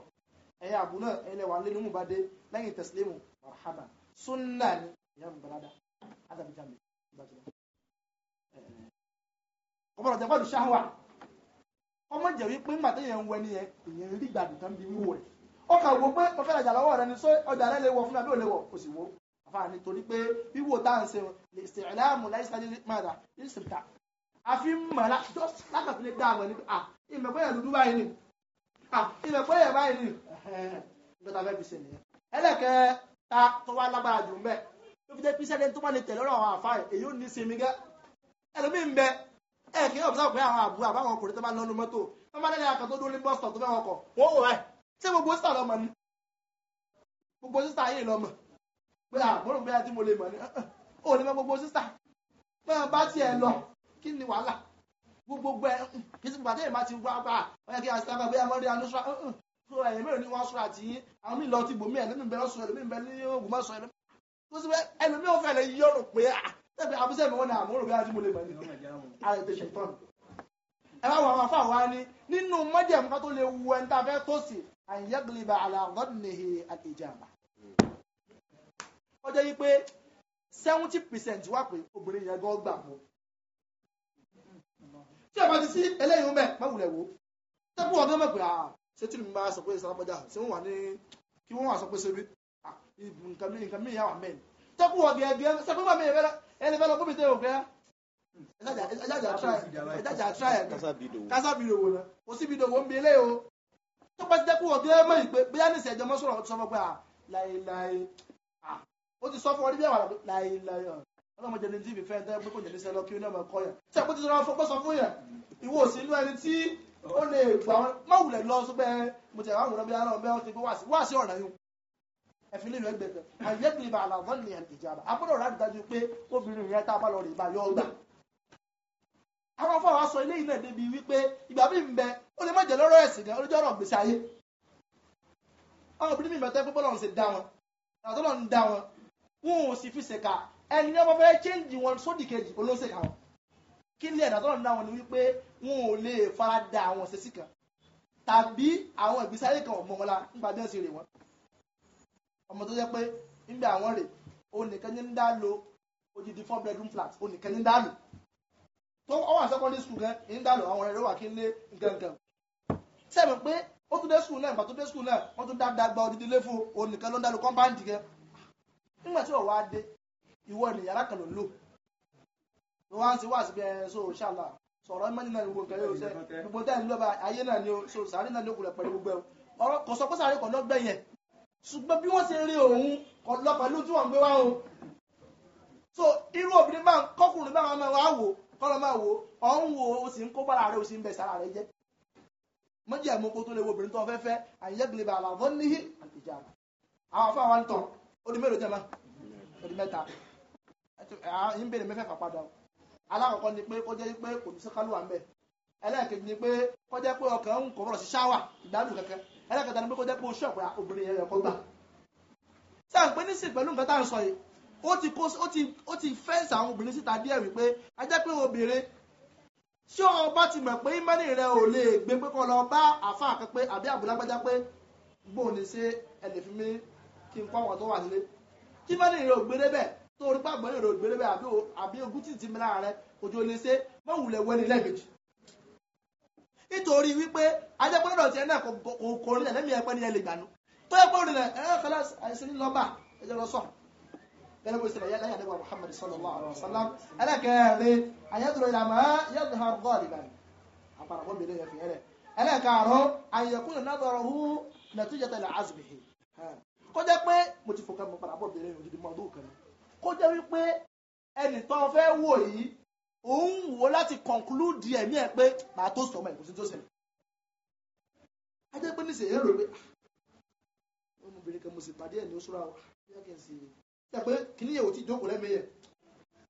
ẹ̀yin àbùnú ẹ̀yin wà lé nínú bá dé lẹ́yìn tẹ̀sílẹ́mù marhaba sunna ni ìyá mi balada adamu jambi gbajúmọ̀ ọmọ ọ̀dọ̀ pẹ̀lú ṣáwà ọmọ jẹ̀ wípé ńgbà tó yẹn ń wẹ nìyẹn ìyẹn rí gbàdù tán bí wíwò rẹ̀ ó kà wò pé mo fẹ́ rajà lọ́wọ́ rẹ ni sọ ọjà rẹ lè wọ fún mi àbí ò lè wọ kò sì wò àfa nítorí pé wíwò tá à ń ṣe lè ṣe ẹ̀láàmù láì sáré mọ́ra ní sèpta àfi mọ̀ lákàtí lè dá àwọn ẹni à ìmẹ̀kọ́ yẹn dúdú báyìí ni à ìmẹ̀kọ́ yẹn báyìí ni ìgbọ́ta fẹ́ fi ṣe nìyẹn ẹlẹ́kẹ̀ẹ́ ta tó wá lágbára jù ń bẹ̀ tó fi dé píṣẹ́ lẹ́ni tó bá lè tẹ̀lé ọ̀rọ̀ àwọn àfa ẹ̀ èyí ò ní sinmi gẹ́ ẹlòmíì ń bẹ ẹ kí ọ̀bùsà pé àwọn àbúrò àbáwọn ọkùnrin tó bá lọ́nu mọ́tò tó bá lẹ́yìn àkàtó dúró ní bọ́sítọ̀ tó fẹ́ wọn kọ̀ wọ́n wò báyìí ṣé gbogbo sísà lọ́mọ ni gbogbo sísà yìí lọ́mọ pé àbúrò bóyá tí mo lè mọ̀ ni ó ah, ní ah, gbogbo sísà pé wọn bá tiẹ̀ lọ kí ni wàhálà gbogbo ẹ kí sí pàtẹ́yìn bá ti wá bá ọyẹ kí asítàbà bóyá wọ́n rí anúṣọ́ ẹ̀yìn mẹ́rin ní wọ́n sọ àti àwọn míì lọ ti gbòmí ẹ̀ lẹ́nu bẹ́ẹ̀ sọ ẹ̀ lẹ́nu bẹ́ẹ̀ ní ogun mọ́ ẹ̀ lẹ́nu tó sì pé ẹlòmíì ò fẹ́ lè yọ̀rọ̀ pé ah, tẹ́fẹ́ abúsẹ́ mi wọ́n ní àwọn olùgbé àti mo lè mọ̀ ní ara ètò ìṣẹ̀tọ́nù ẹ bá wọn àwọn afáwọn wa ní nínú mọ́jẹ̀mú ká tó lè wu ẹni tá a tó sí àyẹ́gbẹ̀lẹ́bà àlàgọ́dìnìhì àtìjàmbá ó jẹ́ wípé seventy percent wà pé obìnrin yẹn gan gbà mọ́ tí ẹ bá ti sí eléyìí mẹ́ mẹ́wùlẹ̀ wo tẹ́pù ọ̀gá mẹ́ pé ah, ṣé tí mi máa sọ pé sàlámọ́jà ṣé wọ́n wà ní kí wọ́n wà sọ pé ṣe bí ah, nǹkan mí wà mẹ́rin tẹ́pù ọ̀gá ẹgbẹ́ sọ pé wà mí ẹgbẹ́ ẹni fẹ́ lọ kóbi tẹ́ òkè á ẹ̀dájà tíráyà kásábìdòwò náà kò síbìdòwò ń bi ilé o tó bá ti jẹ́ kó ọ̀dọ́ ẹ mọ̀ ìpè bóyá ní ìṣẹ̀jọ́ mọ́ sọ̀rọ̀ ti sọ fún pé láìláì ó ti sọ fún ọ ní bí àwọn láìláì ọlọ́mọ jẹ́ ní tí ìfẹ́ ẹ̀dá pé kò jẹ́ ní sẹ́lọ kí onímọ̀ ẹ̀kọ́ yẹn tí àpótí sọ̀rọ̀ fún pọ́sọ fún yẹn ìwọ òsì inú ẹni tí ó lè gbà wọn mọ̀wùlẹ̀ lọ sọ pé mo ti àwọn àwòrán bí ara ọ̀bẹ ọ̀sẹ̀ pé wá sí ọ̀ràn yìí ẹ̀fìn lílo ẹgbẹ́ kan àyẹ́gbìn ibà àlàmọ́ ní ìjàmbá àbúrò rà dájú pé obìnrin yẹn tá a bá lọ rè bá yọ ọgbà. àwọn afọwọ́ sọ ilé ilẹ̀ débi wípé ìgbà mi ń bẹ ó lè má jẹ́ lọ́rọ̀ ẹ̀sìn gan olójú ọ̀rọ̀ gbèsè ayé. àwọn obìnrin mi mẹ́tẹ́ pípọ́ lọ́run sì dá wọn àtọ́ lọ́run dá wọn wọn ò sì fi ṣèkà ẹni ní wọ́n fẹ́ chẹ́ǹjì wọn sódì kejì olóṣèkà wọn kí ní ẹ̀dá tọ́lọ̀ ní àwọn ni wípé wọn ò lè farada àwọn òṣèṣì kan tàbí àwọn ìgbésí ayé kan ọ̀mọ́ wọn la nígbà bí wọ́n ṣe rè wọ́n ọmọ tó jẹ́ pé nígbà àwọn rè onìkan ní ń dá lo odidi four bedroom flat onìkan ní ń dá lò tó ọwọ́ secondary school gan ní ń dá lò àwọn ọ̀rẹ́ rẹ̀ wà kí n lé gangan sẹ́mi pé ó tún dé school náà ìgbà tó dé school náà wọ́n tún dáadáa gba odidi ilé fún onìkan ló ń dá lò compound gan nígbà tí ọ̀wá dé ìwọ ni yàrá kan ló ń lò ló wá ń ṣe wá sí bí ẹ so inshallah sọ̀rọ̀ mẹ́rin náà ni gbogbo nǹkan yóò ṣe gbogbo tẹ́lẹ̀ lọ́ba ayé náà ni o so sàárè náà ni ó kulẹ̀ pẹ̀lú gbogbo ẹ̀ ọ̀rọ̀ kò sọ pé sàárè kan lọ́gbẹ̀yẹn ṣùgbọ́n bí wọ́n ṣe rí òun ọlọ́pàá ló tún wà ń gbé wá o so irú obìnrin bá ń kọkùnrin bá máa wá wò kọ́lọ́ máa wò ọ̀hún wò ó sì ń kó bára rẹ̀ ó sì ń bẹ̀ sára rẹ̀ jẹ́ mọ́jì àmọ́kó tó lè wo obìnrin tó fẹ́ fẹ́ àyẹ́gbẹ̀lẹ̀ bá àlàfọ́ níhí àtijọ́ àwọn afọ àwọn tán ó di mélòó jẹ́ ma ó di mẹ́ta yìí ń bèrè mẹ́fẹ̀ẹ́fà padà o alákọ̀ọ́kọ́ ni pé kó jẹ́ pé kò ní sí kálùwà ń bẹ̀ ẹlẹ́ẹ̀kejì ni pé kó jẹ́ pé ọkàn ń kò bọ̀rọ̀ sí ṣáwà ìgbádùn kẹ̀kẹ́ ẹlẹ́kẹta ni pé kó jẹ́ pé o ṣọ̀pẹ́ obìnrin yẹn kọ́ gbà sáà ń pé nísìn pẹ̀lú nǹkan tá à ń sọ yìí ó ti kó ó ti fẹ́ǹsì àwọn obìnrin síta díẹ̀ wípé a jẹ́ pé obìnrin ṣé ọba ti mọ̀ pé ìmọ̀ni rẹ ò lè gbé pé kó lọ bá àáfàá kan pé àbí àbúlágbájá pé gbóòn ní ṣe ẹlẹ́fínmi kí n kọ́ àwọn tó wà nílé kí ìmọ̀ni rẹ ò gbé débẹ̀ tó orí pàgbọ́n rẹ ò gbé débẹ̀ àbí ogún tìtì mi lára rẹ òjò lè ṣe mọ̀wùlẹ̀ wẹ́ni lẹ́ẹ̀mejì nítorí wípé ajẹ́pẹ́ lọ́dọ̀ tiẹ̀ náà kò rí lẹ́mí ẹ̀pẹ́ ní ẹlẹ́gbà nu tó yẹ pé òrìlẹ̀ ẹ̀ kọ́lá àìsàn lọ́ba ẹ̀jẹ̀ lọ sọ gẹ́gẹ́ bó ṣe lẹ̀ lẹ́yìn àdébọ̀ Muhammad sallallahu alaihi wasallam ẹlẹ́kẹ̀ẹ́rẹ́ ayẹ́dùrọ̀ ìlàmọ́ yẹ́dùn ha rọ́ àdìgbà ni àpàràbọ̀ mi lẹ́yìn fi ẹlẹ́ ẹlẹ́kàárọ̀ àyẹ̀kúnlẹ̀ nábọ̀rọ̀ hu nàtújẹtẹ̀ lẹ́ azùbìhì kó òun wò láti conclude ẹ̀mí ẹ̀ pé màá tó sọmọ ìkùsí tó ṣẹlẹ̀. ajẹ́ pé níṣẹ́ èrò pé ọmọbìnrin ah, kan mo sì pàdé ẹ̀ ní oṣù ráwọ̀ yá kí n sì yẹ pé kìíní yẹ̀ wò tí ìjókòó lẹ́mí yẹ̀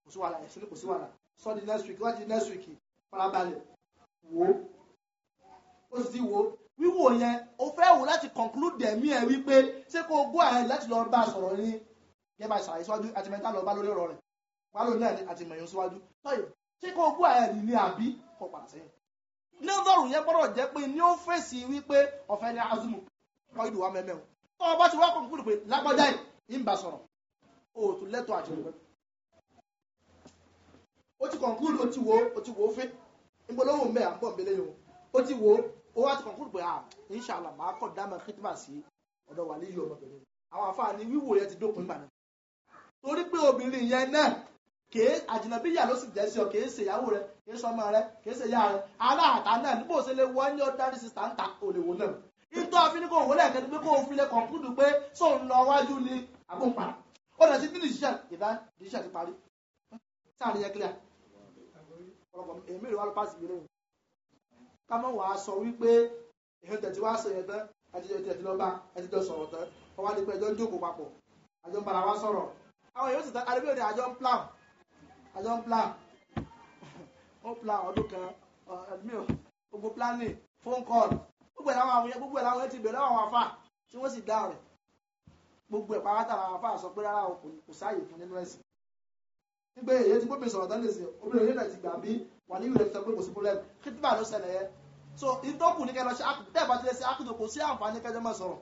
kò sí wàhálà ẹ̀sìn kò sí wàhálà sọ di next week wájú next week farabalẹ̀ wò ó sì ti wò ó wíwò yẹn ó fẹ́ wò láti conclude ẹ̀mí ẹ̀ wípé ṣé kó o gbọ́ àárẹ̀ láti lọ bá a sọ̀rọ̀ ní gẹ́gẹ́ bá a ṣàlàyé síwájú àti mẹ́ta lọ bá lórí ọ̀rọ̀ rẹ̀ wàá lò náà àti mẹ̀yìn síwájú tọ́yọ̀ ṣé kó bú ẹ̀rì ni àbí kó padà sẹ́yìn. nẹ́ẹ̀dọ́rù yẹn gbọ́dọ̀ jẹ́ pé ní ó fèsì wípé ọ̀fẹ́ ni azumu kọ́ ìdù wa mẹ́mẹ́ o. tó o bá ti wá kọ̀ọ̀kúrò pé lágbájá yìí ń bá sọ̀rọ̀ o ò tún lẹ́tọ̀ọ́ àti ìrẹ́pẹ́. ó ti kọ̀ọ̀kúrò ó ti wo ó ti wo ó fẹ́ ìgbọ́lọ́wọ́ mẹ́ à ń bọ̀ mbẹ́lẹ́ yìí o ó ti wo ó wá ti kọ̀ọ̀kúrò pé ah inṣàlá màá kọ̀ dá mẹ́ kírísítà sí ọ̀dọ̀ wà níyì ọmọbìnrin àwọn àfáà ni wíwò yẹn ti dópin ìgbà náà kèé àjìnàbíyà ló sì jẹ́ sí ọ kèé ṣe ìyàwó rẹ kèé ṣọmọ rẹ kèé ṣe ìyá rẹ aláàtà náà nígbò ṣe lè wọ ní ọdárì sísá ń ta òlèwò náà ìtọ́ àfínní kò wọlé ẹ̀kẹ́ ni pé kó fi lè kọ̀ǹkúdù pé lọ wájú ni àbúpa ó lọ sí dínì ṣiṣẹ́ ìdá ìṣiṣẹ́ ti parí sáàrin yẹn kílíà ọ̀pọ̀lọpọ̀ èmi rẹ̀ wá ló pàṣẹ ká wàá sọ wípé sọ àjọ ń plan ó plan ọdún kan ẹ̀dmíò eh, gbogbo planning phone call gbogbo ẹ̀ láwọn àwọn yẹn gbogbo ẹ̀ láwọn yẹn ti bẹ̀rẹ̀ àwọn afá tí wọ́n sì dá rẹ̀ gbogbo ẹ̀ pàápàá àwọn afá sọ pé rárá kò sáàyè fún nínú ẹ̀sìn nígbà èyí tí gómìnà sọ̀rọ̀ tẹ́lẹ̀ sí obìnrin yóò ti gbà bí wà ní ìwé sọ pé kò sí problem kìtìbà ló ṣẹlẹ̀ yẹ so ìtọ́kù ní kẹlọ ṣe àkùtù tẹ́ẹ̀ bá ti lè ṣe àkùtù kò sí àǹfààní kẹjọ mọ̀ sọ̀rọ̀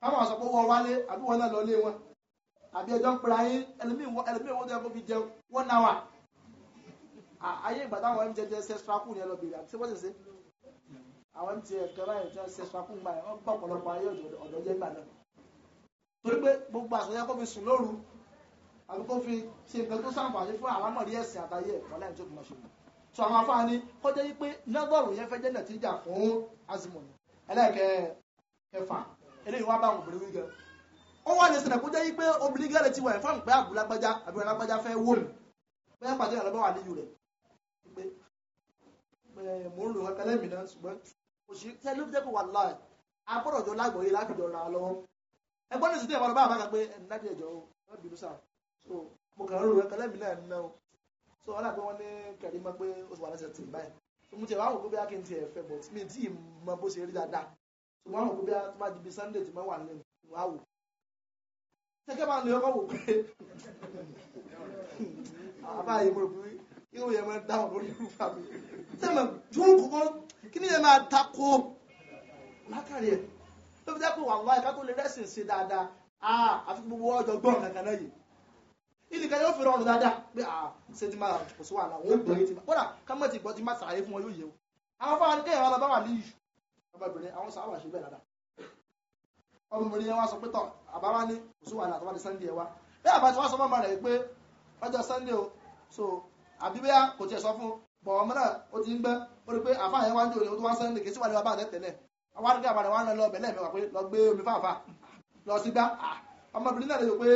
káwọn àṣọ pé wọ́n wálé àbí wọn náà lọ lé wọn àbí ẹjọ́ ń pera yín ẹlòmíì owó tó yẹ kó fi jẹun one hour ayé ìgbà táwọn mtn jẹ ṣe straku yẹn lọ bèrè àti ṣé wọ́n ṣe ṣe àwọn mtn ṣe straku gbà yẹn wọ́n gbọ́ ọ̀pọ̀lọpọ̀ ayé ọ̀dọ́ jẹ́ gbà náà torí pé gbogbo àṣeyẹ kó fi sùn lóru àbí kó fi ṣe nǹkan tó sàǹfààní fún àwọn àmọ̀rí ẹ̀sìn àtàyè ẹ̀kọ́ láì tó fi mọ̀ àwọn afáàní kọjá yí pé nọ́bọ̀rù yẹn fẹ́ jẹ́ nàìjíríà fún azimoni ẹlẹ́ẹ̀kẹ́ kẹfà eléyìí wá bá obìnrin wí gan ó wà lè ṣẹlẹ̀ kó jẹ́ wípé obìnrin gẹ́rẹ̀ ti wà ẹ̀ fáwọn pé àbúlágbájá àbúlágbájá fẹ́ wò mí bóyá pàdé àlọ́ bá wà níyù rẹ̀ pé mò ń lò wọn kẹlẹ́ mi náà ṣùgbọ́n òṣì tẹ́ ló fi jẹ́ kó wà láì agbọ́dọ̀ jọ lágbọ̀ọ́yé láfìjọ ra lọ́wọ́ ẹgbọ́n ní ìsìtẹ́ ìfọ̀rọ̀ bá àbá kan pé ẹ̀ ńlá díẹ̀ jọ ó wọ́n bínú sáà so mo kàn ń lò wọn kẹlẹ́ mi náà ná o so ọ̀là pé wọ́n ní kẹ̀rí mọ́ pé ó ti wà lẹ́sẹ̀ tì báyìí so mo ti wá wò pé bí a kì í tiẹ̀ fẹ́ bọ̀ mi tí ì mọ bó ṣe rí dáadáa so mo wá wò pé bí a ti máa di bí Sunday ti gẹ́gẹ́ bá ń lè ọkọ̀ wò pé àbáyé mo rò pé yóò yẹ máa dáhùn lórí ìrúfà mi sẹ́mọ̀ jùún kọ̀kọ́ kí ni yẹ máa takò látàrí ẹ̀ tó fi dápò wà láì kátó lè rẹ́sìn sí dáadáa àà àfi gbogbo ọjọ́ gbọ́n kankan náà yìí ìdíkan yóò fi rọrùn dáadáa pé àà ṣe ti máa kò sí wàhálà wọn ó gbọ́ yìí ti máa kódà ká mọ̀ ti gbọ́ ti máa sàlàyé fún wọn yóò yẹ o àwọn fáwọn akẹ́yìn wọn lọ bá wà ọmọ mòrí yẹn wá sọ pé tọ̀ àbá wá ní òṣù wà látọ̀ wá sunday wa bí àbá ti wá sọ fọ́mọ rẹ̀ pé ọjọ́ sunday o so àbí bẹ́yà kò tiẹ̀ sọ fún bọ̀ ọmọ náà ó ti ń gbẹ́ ó rí pé àfa yẹn wá ń jòyè ó tó wá sunday kì í sì wà ní wàá bá àtẹ tẹ̀lẹ̀ àwọn arúgbó àbàdàn wà ń lọ bẹ̀lẹ̀ mẹ́wàá pé lọ gbé omi fáfá lọ sí gbá ọmọbìnrin náà lè rò pé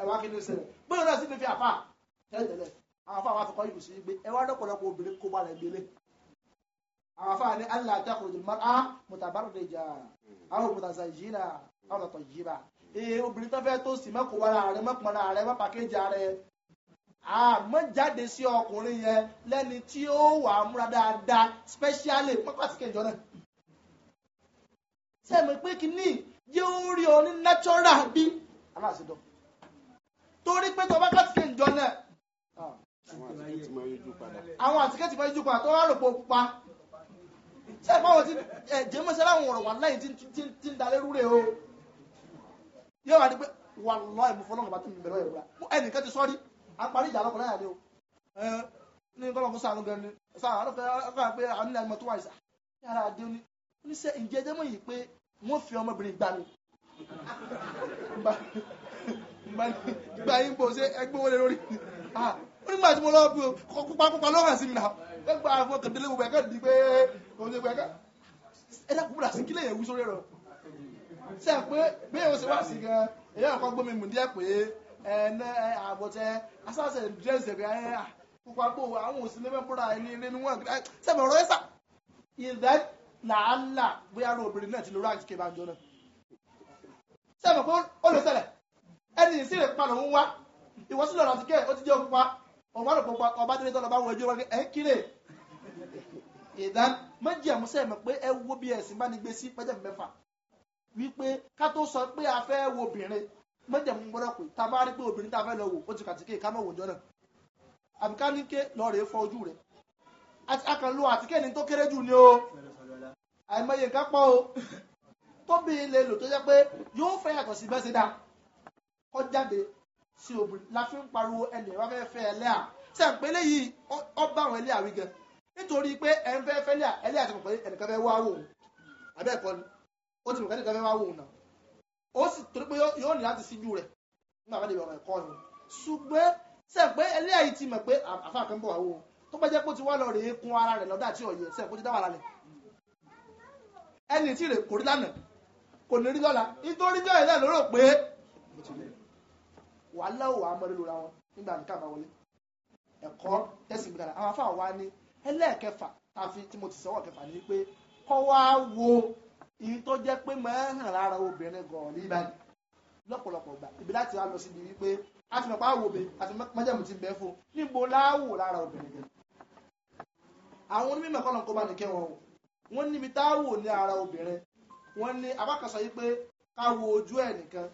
ẹ̀wà kí ni ṣẹlẹ̀ bóyá náà sì ní fi àfa tẹ́lẹ̀ àwọn afáàní allah takhruju mar'a mutabarrija aw mutazajjila aw mutatayyiba ee obìnrin tó fẹ́ tó sì má kó ara rẹ̀ má pọnra rẹ̀ má pàkéjì rẹ̀ àmọ́ jáde sí ọkùnrin yẹn lẹ́ni tí ó wà á múra dáadáa spẹ́ṣíálì pápásíkè ìjọ náà sẹ́mi pé kínní yé ó rí ọ ní nátúrà bí aláàṣẹdọ torí pé tọba kásìkè ìjọ náà àwọn àtìkẹ́tì máa yíjú padà tó wá rò pé ó pa ṣe é fáwọn tí ẹ jẹ́ mọ́ṣẹ́ láwọn ọ̀rọ̀ wà láyé tí ń dalẹ́ rúre o yóò wá ní pé wà lọ́ ẹ̀mú fọlọ́n bá tún bẹ̀rẹ̀ ìrora ẹnìkan ti sọ́rí àparí ìjà lọ́kọ̀ọ́ láyàdé o ní kọ́lọ̀ fún sàánú gan ni sàánú kan pé àwọn nílẹ̀ tó wà ìsà yàrá adé ní oníṣẹ́ ìjẹ́ jẹ́mọ̀ yìí pé wọ́n fi ọmọbìnrin gbà mí gbà yín bò ṣe ẹgbẹ́ nígbà tí mo lọ bí o kópa lọ́rọ̀ sí mi náà ẹgbà àwọn kẹ̀dẹ́lé gbogbo ẹ̀kẹ́ di pé òun ṣe gbẹ̀kẹ́ ẹ̀dá kúkúrà sí kílẹ̀ yẹn wú sórí rẹ̀ ṣe pé bí o ṣe wá sí gan èyí ọ̀kan gbómi mú díẹ̀ pé ẹ̀ẹ́nà àbọ̀tẹ́ asáṣẹ̀ dírẹ́sì ẹ̀kẹ́ ẹ̀ kópa gbó àwọn òsì lẹ́mẹ̀ búra ẹni ilé ni wọ́n ṣẹ̀bẹ̀ ọ̀rọ̀ ẹ̀sà ìdá làálà bóyá ro obìnrin náà ti lo ráàkì kébà jọ náà ṣẹ̀bẹ̀ pé ọ̀rọ̀ àti kẹ́ ọmọdé kò pa ọba délé tọ́lọ́ bá wọ ẹjọ́ wọn ẹ kílè ìdán méjì àmúṣẹ́ mọ̀ pé ẹ wo bí ẹ̀sìn bá ní gbé sí pẹ́jẹ́ mẹ́fà wípé ká tó sọ pé a fẹ́ wo obìnrin méjì àmú gbọ́dọ̀ pé tá a bá rí pé obìnrin tá a fẹ́ lọ wò ó ti kàtíkè ká mọ̀ wòjọ́ náà àbíká ní ké lọ rèé fọ ojú rẹ̀ akàn lo àtíkè ní tó kéré jù ni o àìmọye nǹkan pọ̀ o tóbi lè lò tó jẹ́ pé yóò fẹ́ yàtọ̀ sí bẹ́ẹ̀ sí kọ́ jáde sí obìnrin la fi ń pariwo ẹnì wá fẹ́ fẹ́ ẹlẹ́à ṣe ń pélé yìí ọ bá àwọn ẹlẹ́à wí gan nítorí pé ẹ ń fẹ́ fẹ́ ẹlẹ́à ẹlẹ́à ti mọ̀ pé ẹnìkan fẹ́ wá wò ó àbẹ́ ẹ̀kọ́ ni ó ti mọ̀ pé ẹnìkan fẹ́ wá wò ó náà ó sì torí pé yóò ní láti síjú rẹ̀ nígbà wọn lè ọ̀rọ̀ ẹ̀kọ́ ni ṣùgbọ́n ṣe ń pé ẹlẹ́à yìí ti mọ̀ pé àfa kan bọ̀ wá wò ó tó bá jẹ́ pé ó ti wá lọ rèé kun ara rẹ̀ lọ́dà wàhálà ò wà mọ́rí lóra wọn nígbà nìkan àbá wọlé ẹ̀kọ́ tẹ̀sí gbìdàrà àwọn afáà wa ní ẹlẹ́ẹ̀kẹfà àfi tí mo ti sọ́wọ́ kẹfà ní pé kọ́ wá wo iye tó jẹ́ pé máa ń hàn lára obìnrin gan-an ní ìbàdàn lọ́pọ̀lọpọ̀ gbà ibi láti wá lọ síbi wípé a ti mọ̀pá wo obìnrin àti májàmú ti bẹ́ fún níbo láwò lára obìnrin gan. àwọn onímọ̀ kọ́nà kó bá ní kẹ́wọ̀n o wọ́n níbi táwò ní ara obìnrin wọ́n ní abákan sọ yìí pé ká wo ojú ẹ̀ nìkan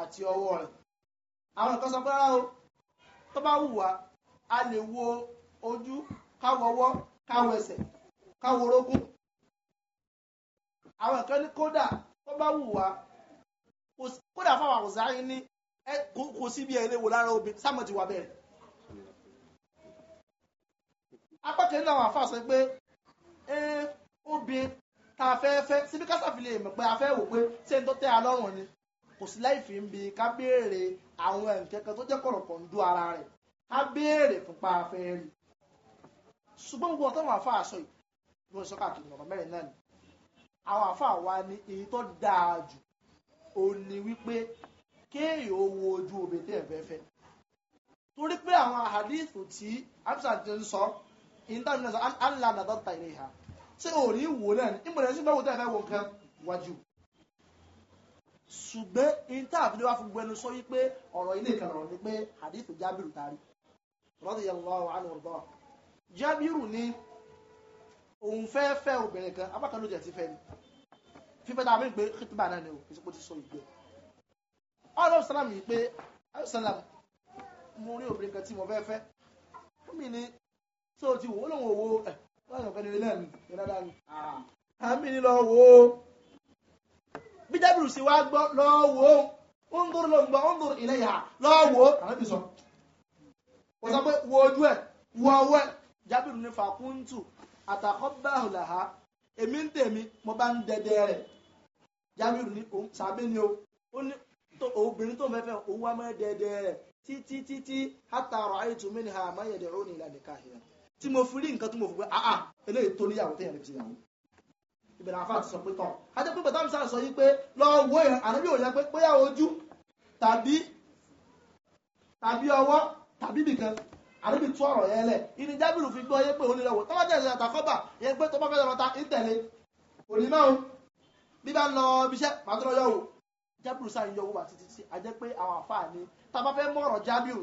àti ọwọ́ rẹ̀ àwọn kan sọ pé rárá o tó bá wùwá a lè wo ojú káwọwọ́ káwọ ẹsẹ̀ káwọ orógún àwọn kan ní kódà tó bá wùwá kódà fáwọn àwòsàn ní kò sí bí ẹni wò lára obìnrin sámọ ti wà bẹ̀rẹ̀ pé a síbi mọ̀ pé àwọn ẹ̀ǹkẹ́kẹ́ tó jẹ́ kọ̀rọ̀kọ̀ ń dú ara rẹ̀ á béèrè fún paafẹ́ rí ṣùgbọ́n gbogbo ọ̀tọ́ àwọn àfa àṣọ yìí ló ń sọ káàkiri ọ̀rọ̀ mẹ́rin náà ni àwọn àfa wa ní èyí tó dáa jù ó ní wípé kéèyàn ó wo ojú obì tí ẹ̀ fẹ́ fẹ́ torí pé àwọn àhàdíìsù tí absa ti ń sọ ìntàmínà sọ nàdọ́ta ilé ha ṣé òrí wò náà ní ìmọ̀lẹ́sìn báwo tẹ́ fẹ́ wo nǹkan wájú ṣùgbọ́n intaafilé wa fún gbẹnu sọ wípé ọ̀rọ̀ ilé kan ọ̀rọ̀ ni pé hadithu jábìrù tari radiyallahu anhu ọ̀dọ́ jábìrù ni òun fẹ́ fẹ́ obìnrin kan abákan ló jẹ́ ti fẹ́ ni fífẹ́ tá a mìíràn pé kìtìbà náà ni o kìí sípò ti sọ ìgbẹ́ ọ̀rọ̀ sálàm yìí pé sálàm mo rí obìnrin kan tí mo fẹ́ fẹ́ fún mi ni tó ti wò ó lóun òwò ẹ̀ láyọ̀ kan ní ilé mi ìrẹ́dá mi ah. àmì ni lọ wò bí jábìrù sí wá gbọ́ lọ́wọ́ ń dúró ló ń gbọ́ ń dúró ilé ìhà lọ́wọ́ ànábì sọ ó sọ pé wo ojú ẹ̀ wo ọwọ́ ẹ̀ jábìrù ní fàkúntù àtàkọ́bàhù èmi ń tèmi mo bá ń dẹdẹ rẹ̀ jábìrù ní òun sàbí ni o ó ní obìnrin tó fẹ́fẹ́ òun wá mọ́ dẹdẹ rẹ̀ títí títí hátàrọ̀ àìtú mi ni àmọ́ yẹ̀dẹ̀ òun ìlànà kàhìyà tí mo fi rí nǹkan tí mo fi gbé àà eléyìí tó níyàwó téèyàn lè fi ṣèyàwó ìbẹ̀rẹ̀ àfáà ti sọ pé tán ajẹ́ pé bàtà ìsáà sọ yí pé lọ́ọ́ wo ànábì ò yẹn pé bóyá ojú tàbí tàbí ọwọ́ tàbí bìkan ànábì tú ọ̀rọ̀ yẹn lẹ̀ ìní jábìrù fi gbọ́ yẹ pé òní lọ́wọ́ tọ́wọ́ tẹ̀lé ọ̀tà kọ́bà yẹn pé tọ́wọ́ fẹ́ẹ́ lọ́ta ìtẹ̀lé òní náà bí bá ń lọ ibiṣẹ́ pàtó yọ wò jábìrù sáà ń yọ wò títí tí ajẹ́ pé àwọn àfáà ni tàbá fẹ́ mọ̀rọ̀ jábìrù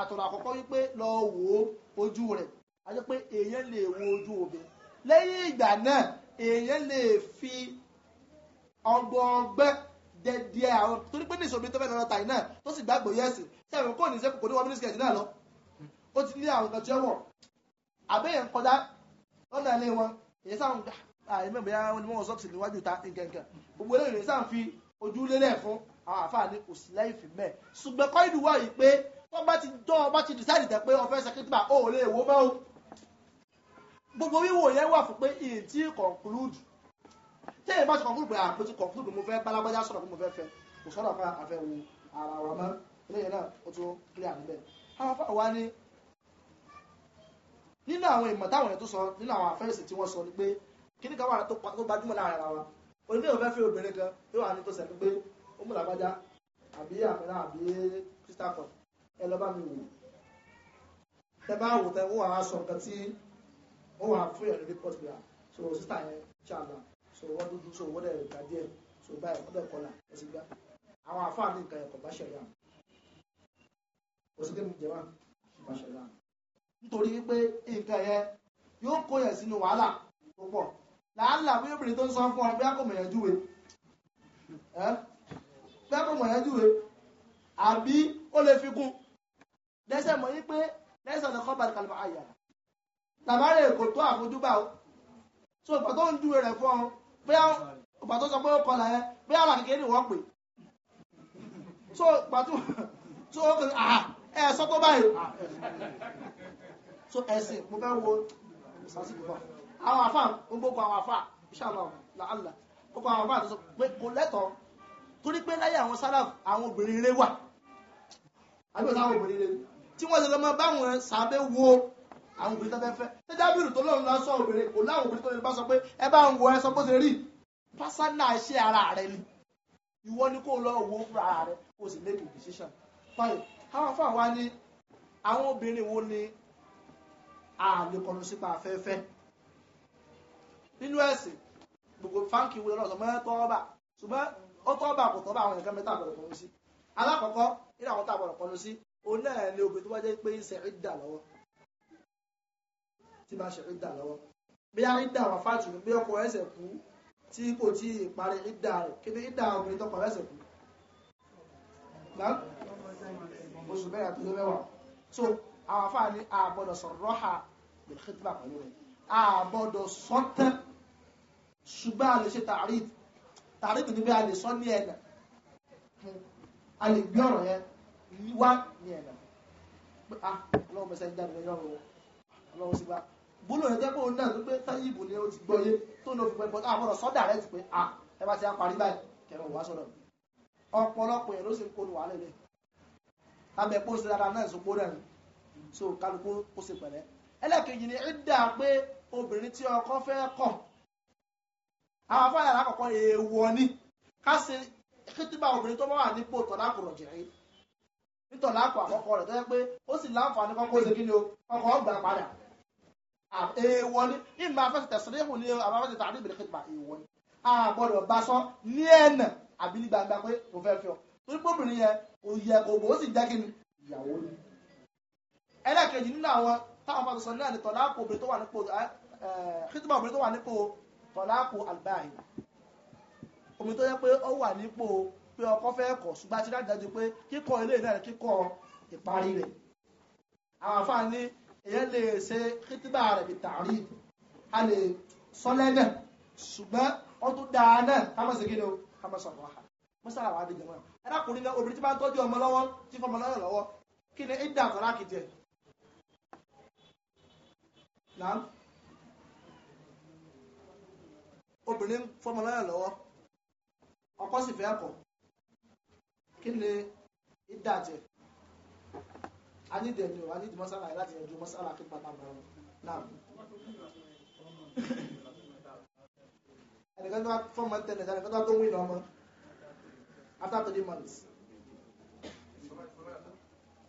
àtọ̀rọ̀ àkọ́kọ́ wípé lọ wò ojú rẹ̀ ajẹ́ pé èèyàn lè wo ojú obìnrin lẹ́yìn ìgbà náà èèyàn lè fi ọgbọọgbẹ dẹdíẹ àwọn torí pé ní tó fẹ́ lọ́ta yìí náà tó sì gbàgbọ́ yẹ́sì sẹ́wọ̀n kò ní sẹ́kù kò ní wọ́n mínísítì ẹ̀jẹ̀ náà lọ ó ti ní àwọn kan wọ̀ àbẹ́yẹ̀ ń kọjá lọ́nà ilé wọn èyí sáà ń gbà àìmọ̀ bóyá wọn ni wọ́n sọ́ọ̀sì níwájú ta nkẹ̀kẹ̀ gbogbo eléyìí sáà ń fi ojú lélẹ̀ fún àwọn àfáàní kò sí lẹ́yìn mẹ́ẹ̀ ṣùgbọ́n kọ́ ìdúwọ̀ yìí pé wọ́n bá ti dán ọ bá ti dìsáìdì tẹ̀ pé ọ fẹ́ sẹ́kítì gbogbo wíwò yẹn wà fún pé ìyìn tí conclude tí èyí bá ti conclude pé àpótí ah, conclude mo fẹ́ bálágbájá sọ̀rọ̀ pé mo fẹ́ fẹ́ kò sọ̀rọ̀ pé àfẹ́ ah, wo ara wa mọ́ eléyìí náà ó tún clear níbẹ̀ àwọn afẹ́ wa ní nínú àwọn ìmọ̀ táwọn èèyàn tó sọ nínú àwọn àfẹ́rẹ́sì tí wọ́n sọ ni pé kí ní ká wà tó gbajúmọ̀ láàrin ara wa onílé òfẹ́ fi obìnrin kan yóò wà ní tó sẹ́ni pé ó mú làgbájá àbí àmìlà àbí Christopher ẹ lọ bá mi wò tẹ bá wò tẹ wò àwọn aṣọ nǹkan tí wọ́n wà fún ẹ̀rí report bí i so sísá yẹn ṣàlà so wọ́n dúdú so wọ́n dẹ̀ ga díẹ̀ so báyìí wọ́n dẹ̀ kọlà ẹ̀sìn gbá àwọn àfáà ní nǹkan ẹ̀kọ́ bá ṣẹ̀yà òsìkè mi jẹ́ wà bá ṣẹ̀yà nítorí wípé nǹkan yẹn yóò kó yẹn sínú wàhálà tó pọ̀ làálà bí obìnrin tó ń sọ fún ọ bí akọ̀mọ̀ yẹn júwe bí akọ̀mọ̀ yẹn júwe àbí ó lè fi kún lẹ́sẹ̀ mọ̀ yí pé lẹ́sẹ̀ ọ̀nà kọ́ bá kalẹ̀ àyàrá tàbárẹ̀ kò tó àfojúbà o so ìgbà tó ń dúró rẹ̀ fún ọ bóyá ìgbà tó sọ pé ó kọlà ẹ bóyá wà kékeré ni wọ́n pè so ìgbà tó so ó kàn áà ah, ẹ sọ tó báyìí so ẹ̀sìn mo fẹ́ wo sàásìkò bá àwọn àfà ń gbogbo àwọn àfà ìṣàlọ làálà gbogbo àwọn àfà tó sọ pé kò lẹ́tọ̀ọ́ torí pé láyé àwọn sálàf àwọn obìnrin rẹ wà àbí òsà àwọn obìnrin rẹ tí wọ́n ti lọ mọ báwọn sàbẹ̀ wo àwọn obìnrin tó fẹ́ fẹ́ ṣé jábìrì tó lọ́run lásán obìnrin kò láwọn obìnrin tó lè bá sọ pé ẹ bá ń wo ẹ sọ bó ṣe rí pásánà ṣe ara rẹ ni ìwọ ni kó lọ wo fún ara rẹ kó sì make a decision fine àwọn afọ àwa ni àwọn obìnrin wo ni àlekọ̀nù sípa afẹ́fẹ́ nínú ẹ̀sìn gbogbo fáńkì wo lọ́sọ̀ mọ́ tọ́ọ́bà ṣùgbọ́n ó tọ́ọ́bà kò tọ́ọ́bà àwọn nǹkan mẹ́ta àbọ̀rọ̀ kọ̀ọ̀nù sí alákọ̀ọ́kọ́ nínú àwọn tá àbọ̀rọ̀ kọ̀ọ̀nù sí òun náà ni obìnrin tó bá jẹ́ pé ń ṣe ìdà lọ́wọ́ tí bá ṣe rídà lọ́wọ́ bí a rídà wà fáàtì ní bí ọkọ ẹsẹ̀ kú tí kò tí ì parí rídà rẹ̀ kí ni rídà obìnrin tọkọ ẹsẹ̀ kú oṣù mẹ́rin àti mẹ́wàá so àwọn afáà ní àbọ̀dọ̀ sọ̀rọ̀ ha bil khitba pẹ̀lú rẹ̀ àbọ̀dọ̀ sọ́tẹ́ ṣùgbọ́n a lè ṣe tààrídì tààrídì ní bí a lè sọ ní ẹ̀nà a lè gbé ọ̀rọ̀ yẹn wá ní ẹ̀nà pé ah ọlọ́run mẹ́sẹ̀ ń jáde lọ́wọ́ ọlọ́run sí bá gbólóhùn ẹjẹ́ bóun náà tó pé táyìbù ni ó ti gbọ́yé tó ló fi pẹ́ bọ́ àbọ̀rọ̀ sọ́dà rẹ̀ ti pé à ah, ẹ bá ti á parí báyìí kẹrọ wá sọ̀rọ̀ ọ̀pọ̀lọpọ̀ yẹn ló sì ń kónú wà lẹ́lẹ̀ abẹ́ pọ́ sí dáadáa náà ìsopó rẹ̀ so kálukú kó sì pẹ̀lẹ́ ẹlẹ́kejì ni ìdá pé obìnrin tí ọkọ fẹ́ kọ̀ àwọn afáyà lákọ̀ọ́kọ́ èèwọ̀ ni ká ṣe kítíbà obìnrin tó bá wà nípò tọ́lákùrọ̀ jẹ̀rẹ̀ nítọ̀lákùn àkọ́kọ́ rẹ̀ tó yẹ pé ó sì láǹfààní kọ́kọ́ ó ṣe kí ni o kọ́kọ́ ọgbà padà èèwọ̀ ni ìmọ̀ afẹ́sẹ̀ tẹ̀sílẹ̀ hùn ní abáfẹ́sẹ̀ tààrí ìbèrè kìtìmà èèwọ̀ ni a gbọ́dọ̀ bá sọ ní ẹ̀nà àbí ní gbangba pé mo fẹ́ fi ọ torí pé obìnrin yẹn kò yẹ kò bó sì jẹ́ kí ni ìyàwó ni. ẹlẹ́kẹ̀jì nínú àwọn táwọn bá sọ náà ni tọ̀láàkù obìnrin tó wà nípò kìtìmà obìnrin tó wà nípò tọ̀láàkù àlùbáyé obìnrin tó yẹ pé ó wà nípò pé ọkọ fẹ́ kọ̀ ṣùgbọ́n àti dájú pé kíkọ ilé náà kíkọ ìparí rẹ̀ àwọn àfáà ní èyàn lè ṣe kìtìbà rẹ̀ bí tààrí a lè sọ́lẹ̀ náà ṣùgbọ́n ó tún dáa náà ká má ṣe kí ni o ká má sọ̀rọ̀ wáhà mọ́sára wà á di jẹ̀mọ́ ẹ̀rákùnrin náà obìnrin tí bá ń tọ́jú ọmọ lọ́wọ́ tí fọmọ lọ́rọ̀ lọ́wọ́ kí ni ìdá àtọ́lá kìí jẹ obìnrin fọmọ lọ́rọ̀ lọ́wọ́ ọkọ sì fẹ́ kọ̀ kí ni ìdá jẹ I a ní dẹ̀mí o a ní di mọ́sálà láti yanjú mọ́sálà kí pátá bá wọn Now. And tó wá four months And days ẹnìkan tó wá tó ń after three months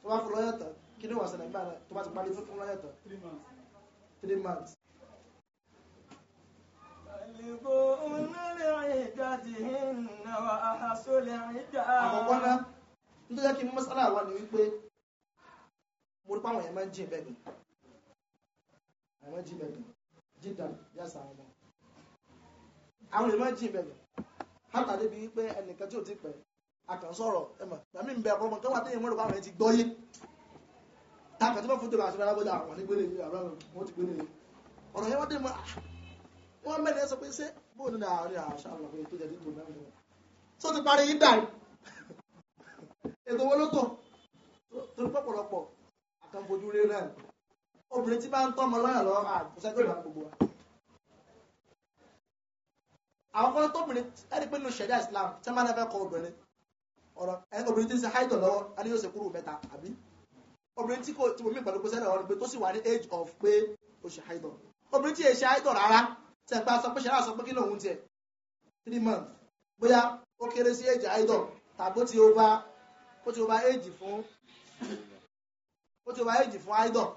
tó wá fún lọ́yọ̀ tán kí ni wọ́n ṣẹlẹ̀ nígbà tó bá ti parí fún lọ́yọ̀ three months. àkọ́kọ́ náà nítorí kí ni mọ́sálà wà ní wípé mo rí páwọn yẹn máa ń jìn bẹ́ẹ̀ gan àwọn máa ń jìn bẹ́ẹ̀ gan jìn dàn yàtọ̀ àwọn ọmọ àwọn yẹn máa ń jìn bẹ́ẹ̀ gan hátà débi wípé ẹnìkan tí ò ti pẹ́ akàn sọ̀rọ̀ ẹ mọ̀ tàbí ń bẹ ọkọ ọmọ tó wà téèyàn mọ́rùn-ún àwọn ẹ ti gbọ́ yé táàkà tó bá fún tèmi àti alábọ́dá àwọn nígbélé yìí àbúrò wọn ti gbélé yìí ọ̀rọ̀ yẹn wọ́n dé mọ́ ah, wọ́n mẹ́rin sọ pé ṣé bóun ní àárín àṣà àwọn ọ̀pẹ tó náà nìyẹn sọ ti parí yín dàrí [LAUGHS] ètò owó torí pọ̀pọ̀lọpọ̀ kan fojú rí náà obìnrin tí bá ń tọ́mọ lọ́yàn lọ́wọ́ àkùsẹ́ tó ìbámu gbogbo wa. àwọn kan tóbìnrin ẹni pé nínú ṣẹ̀dá Islam tí wọ́n máa ń fẹ́ kọ obìnrin ọ̀rọ̀ ẹni obìnrin tí ń ṣe háìdọ̀ lọ́wọ́ ẹni yóò ṣe kúrò mẹ́ta àbí obìnrin tí kò tí mo mí pẹ̀lú pé sẹ́dọ̀ ọ̀rọ̀ pé tó sì wà ní age of pé o ṣe háìdọ̀ obìnrin tí èṣe háìdọ̀ rárá tí ẹ̀ pa sọ pé ṣẹlá sọ pé kí lòun tiẹ̀ three months bóyá ó kéré sí age háìdọ̀ tàbí ó ti over ó ti over age fún ó ti wá èjì fún idol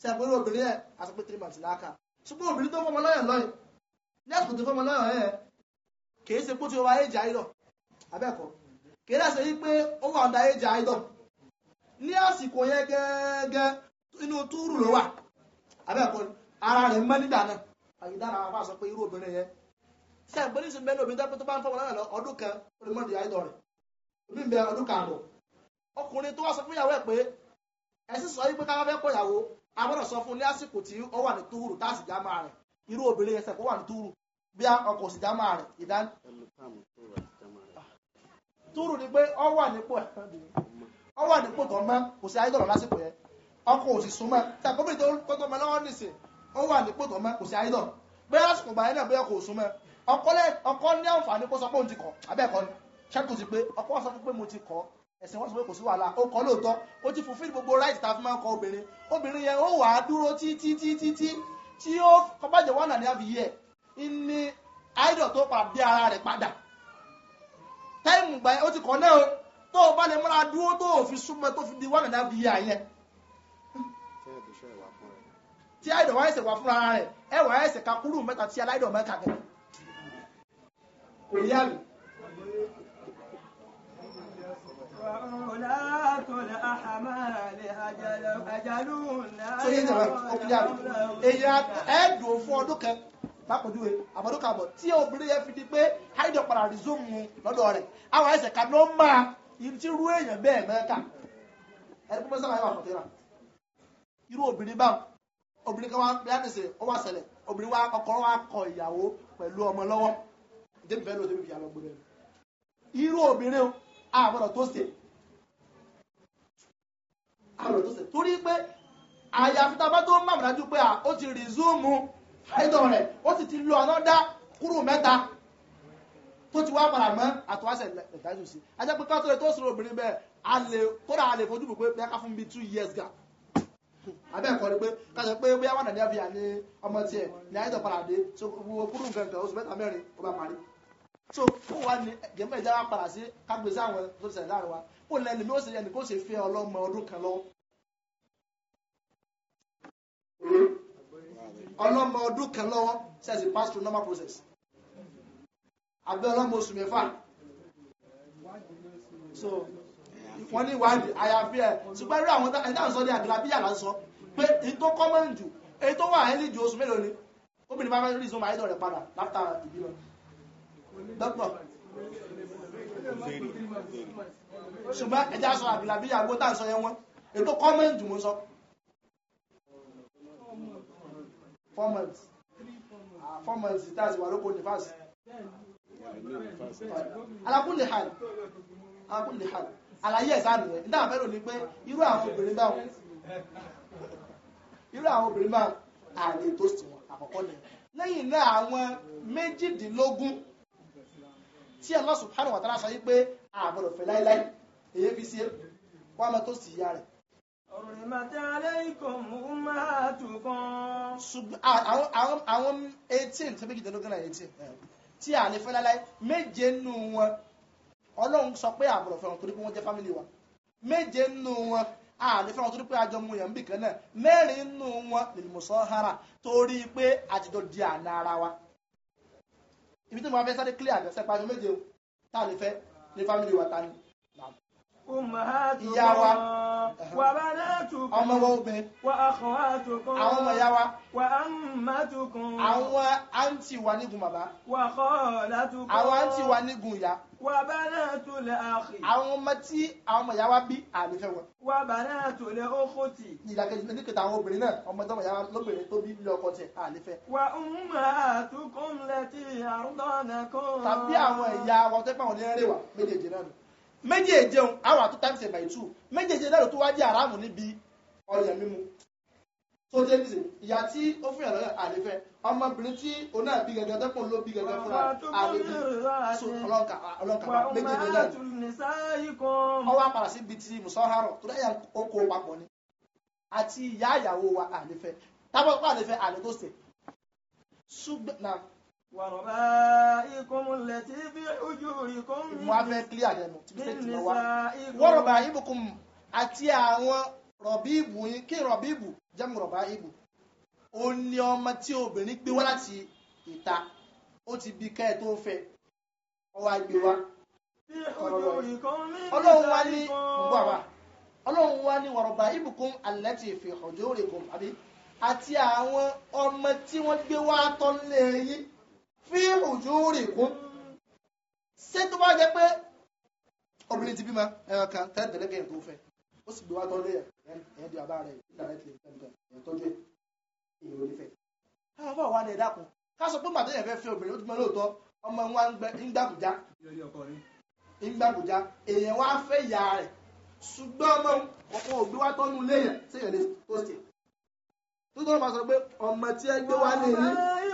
tí a pèrè obìnrin ẹ̀ àti pé three months láàkà ṣùgbọ́n obìnrin tó fọmọ lọ́yọ̀ lọ́yọ̀ ní àsìkò tó fọmọ lọ́yọ̀ ẹ̀ kìí ṣe pé ó ti wá èjì idol abẹ́ẹ̀kọ́ kìí dà ṣe wípé ó wà ọ̀dà èjì idol ní àsìkò yẹn gẹ́gẹ́ inú túrù ló wà abẹ́ẹ̀kọ́ ara rẹ̀ mọ́ nígbà náà àyídára àwọn afáàsọ pé irú obìnrin yẹn tí a gbé nísìnyí bẹ́ẹ̀ obìnrin tó bá ń fọmọ lọ́yọ̀ lọ ọdún kan ó lè mọ́ ìdí idol rẹ̀ obìnrin bẹ ọdún kan àbọ̀ ọkùnrin ẹ sì sọ wípé káwá fẹ́ kó ìyàwó a gbọ́dọ̀ sọ fún un ní àsìkò tí ó wà ní túwúrù tá a sì já máa rẹ̀ irú obìnrin yẹn sẹ̀kọ́ wà ní túwúrù bí ọkọ̀ sì já máa rẹ̀ ìdán. túwúrù ni pé ọ wà nípò ọ wà nípò tó mọ́ kò sí ayédọ̀rọ̀ lásìkò yẹn ọkọ̀ òsì súnmọ́ tẹ̀kọ́bìnrin tó tó mọ́ lọ́wọ́ nìsín ó wà nípò tó mọ́ kò sí ayédọ̀rọ̀ bóyá lásìkò gbà yẹn náà bóyá kò súnmọ́ ọkọ ní àǹfààní kó sọ pé òun ti ẹ̀sìn wọ́n sọ pé kò sí wàhálà ó kọ́ lóòótọ́ ó ti fulfill gbogbo right tá fi máa ń kọ obìnrin obìnrin yẹn ó wà á dúró títí títí tí tí ó kọ́bàjẹ́ one and a half year idol tó pàdé ara rẹ̀ padà táìmù gbà yẹn ó ti kọ́ náà o tó o bá lè múra dúró tó o fi súnmọ́ tó fi di one and a half year tí idol wáyé ṣe wà fúnra rẹ̀ ẹ̀ wáyé ṣe kakúrú mẹ́ta tí aláìdọ̀ mẹ́ta kẹ̀ kò yá mi. sórí ẹ̀jẹ̀ rẹ̀ òkìlẹ̀ àbí èyàn ẹ̀ẹ́dùn fún ọdún kan lápòjúwe àbọ̀dún kàbọ̀ tí obìnrin yẹn fi di pé háìdọ̀ padà rìzóòmù lọ́dọ̀ rẹ̀ àwọn ẹsẹ̀ kan ló máa tí irú èèyàn bẹ́ẹ̀ mẹ́ta ẹni pípẹ́ sábà yẹn wà fọ̀tẹ́rà obìnrin báwọn obìnrin kan wá bí ánìsè ó obìnrin wa ọkọ wa kọ ìyàwó pẹ̀lú ọmọ lọ́wọ́ débi fẹ́ lóde bí ìyàwó gbọdọ̀ irú obìnrin àbọ̀dọ̀ tó ṣe àrò tó ṣe torí pé àyàfi tá a bá tó ń mọ̀mọ́ dájú pé ó ti rìzúùmù àìdọ̀ rẹ̀ ó sì ti lo ànádá kúrò mẹ́ta tó ti wá padà mọ́ àtúwáṣẹ̀ ìdájọ́ sí ajá pé káàtó rẹ̀ tó sọ̀rọ̀ obìnrin bẹ́ẹ̀ a lè kódà a lè fojú pé bẹ́ẹ̀ ká fún bíi two years gap abẹ́ ẹ̀kọ́ ni pé káṣọ pé bóyá wà nàìjíríà ní ọmọ tiẹ̀ ní àìdọ̀ padà dé so gbogbo kúrò nǹkan nǹkan oṣù mẹ́ta mẹ́rin ó bá parí so kó wa ní jẹ́mọ́ ìjà wa padà sí kágbé sáwọn tó ti sẹ̀dá wa ó lẹ́ ní bí ó ṣe yẹ ní kó ṣe fẹ́ ọlọ́mọ ọdún kan lọ. ọlọ́mọ ọdún kan lọ́wọ́ says it pass through normal process abẹ́ ọlọ́mọ oṣù mẹ́fà so wọ́n ní ìwádìí àyàfi ẹ̀ ṣùgbọ́n irú àwọn ẹ̀dá ń sọ ní àgìlábíyà là ń sọ pé èyí tó kọ́mọ̀ jù èyí tó wà ẹ́ lè ju oṣù mélòó ni obìnrin bá fẹ́ rí ìsúnmọ́ àìsàn rẹ̀ padà látara ìbímọ dọ́pọ̀ ṣùgbọ́n ẹja sọ àbìlàbí àgbo tá à ń sọ yẹn wọ́n ètò kọ́mẹ́ǹtì mo sọ four months four months tá a sì wà lóko nífàsì alákùnlé hàn alákùnlé hàn àlàyé ẹ̀sán nìyẹn nígbà fẹ́ràn ni pé irú àwọn obìnrin báwọn irú àwọn obìnrin báwọn àlè tó sì wọn àkọ́kọ́ nìyẹn lẹ́yìn náà àwọn méjìdínlógún tí Allah subhanahu wa ta'ala sọ wípé àbọ̀dọ̀ fẹ́ láíláí èyí fi sí wọ́n mọ́ tó sì yá rẹ̀. àwọn 18 tó méjì dẹ́lógún 18 tí a lè fẹ́ láíláí méje nù wọn ọlọ́run sọ pé àbọ̀dọ̀ fẹ́ wọn torí pé wọ́n jẹ́ fámìlì wa méje nù kan náà mẹ́rin nù wọn lè mọ̀ sọ́ torí pé àtijọ́ di àná ara wa ibi tí mo fẹ́ sáré clear àgbẹ̀sẹ̀ pàṣẹ méje o tá a lè fẹ́ ní family wa ta ni ìyá wa ọmọ wa obìnrin àwọn ọmọ ìyá wa àwọn àǹtí wa nígun bàbá àwọn àǹtí wa nígun ìyá àwọn ọmọ tí àwọn ọmọ ìyá wa bí àmì fẹ́ wọn. ìdàkejì ní kìtà àwọn obìnrin náà ọmọ tí ọmọ ìyá wa lóbìnrin tó bí ilé ọkọ tiẹ̀ àmì fẹ́. tàbí àwọn ìyá wa tó pàwọn ní ẹrẹ wa méjèèjì náà nù. meji àwọn àtúntà ń ṣe by two méjèèjì náà ló tó wájú aráàmù níbi ọyàn mímu tó dé ìyá tí ó fún yàrá àlefẹ́ ọmọbìnrin tí òun náà bí gẹ́gẹ́ ló bí gẹ́gẹ́ so sí ibi tí tó dáyà oko papọ̀ ni àti ìyá wa àlefẹ́ tábọ̀ wàrọ̀bá ikọ̀mù lẹ́tí fi ojú ìkọ̀mù mú afẹ́ clear lẹ́nu tí bí sẹ́tì lọ wá wọ́rọ̀bá ibùkún àti àwọn rọ̀bí ìbù yín kí rọ̀bí ìbù jẹ́mu rọ̀bá ìbù ó ní ọmọ tí obìnrin gbé wá láti ìta ó ti bí kẹ́ ẹ tó fẹ́ ọwọ́ àgbè wá ọlọ́run wá ní gbogbo ọlọ́run wá ní wọ̀rọ̀bá ibùkún àlẹ́tì fi ọjọ́ òrìkùn àbí àti àwọn ọmọ tí wọ́n gbé wá tọ́lé yín fi ujuri kun ṣé tó bá jẹ pé obìnrin ti bímọ ẹran kan tẹ́lẹ̀ kẹ́yìn tó fẹ́ ó sì gbé wá tọ́lé ẹ̀yẹn di bàbá rẹ̀ indirectly ẹ̀yẹn tọ́jú ẹ̀ èyí ò ní fẹ́. káwọn ká sọ pé yẹn fẹ́ obìnrin ó ti mọ lóòótọ́ ọmọ wa ń ń èèyàn wá fẹ́ ìyá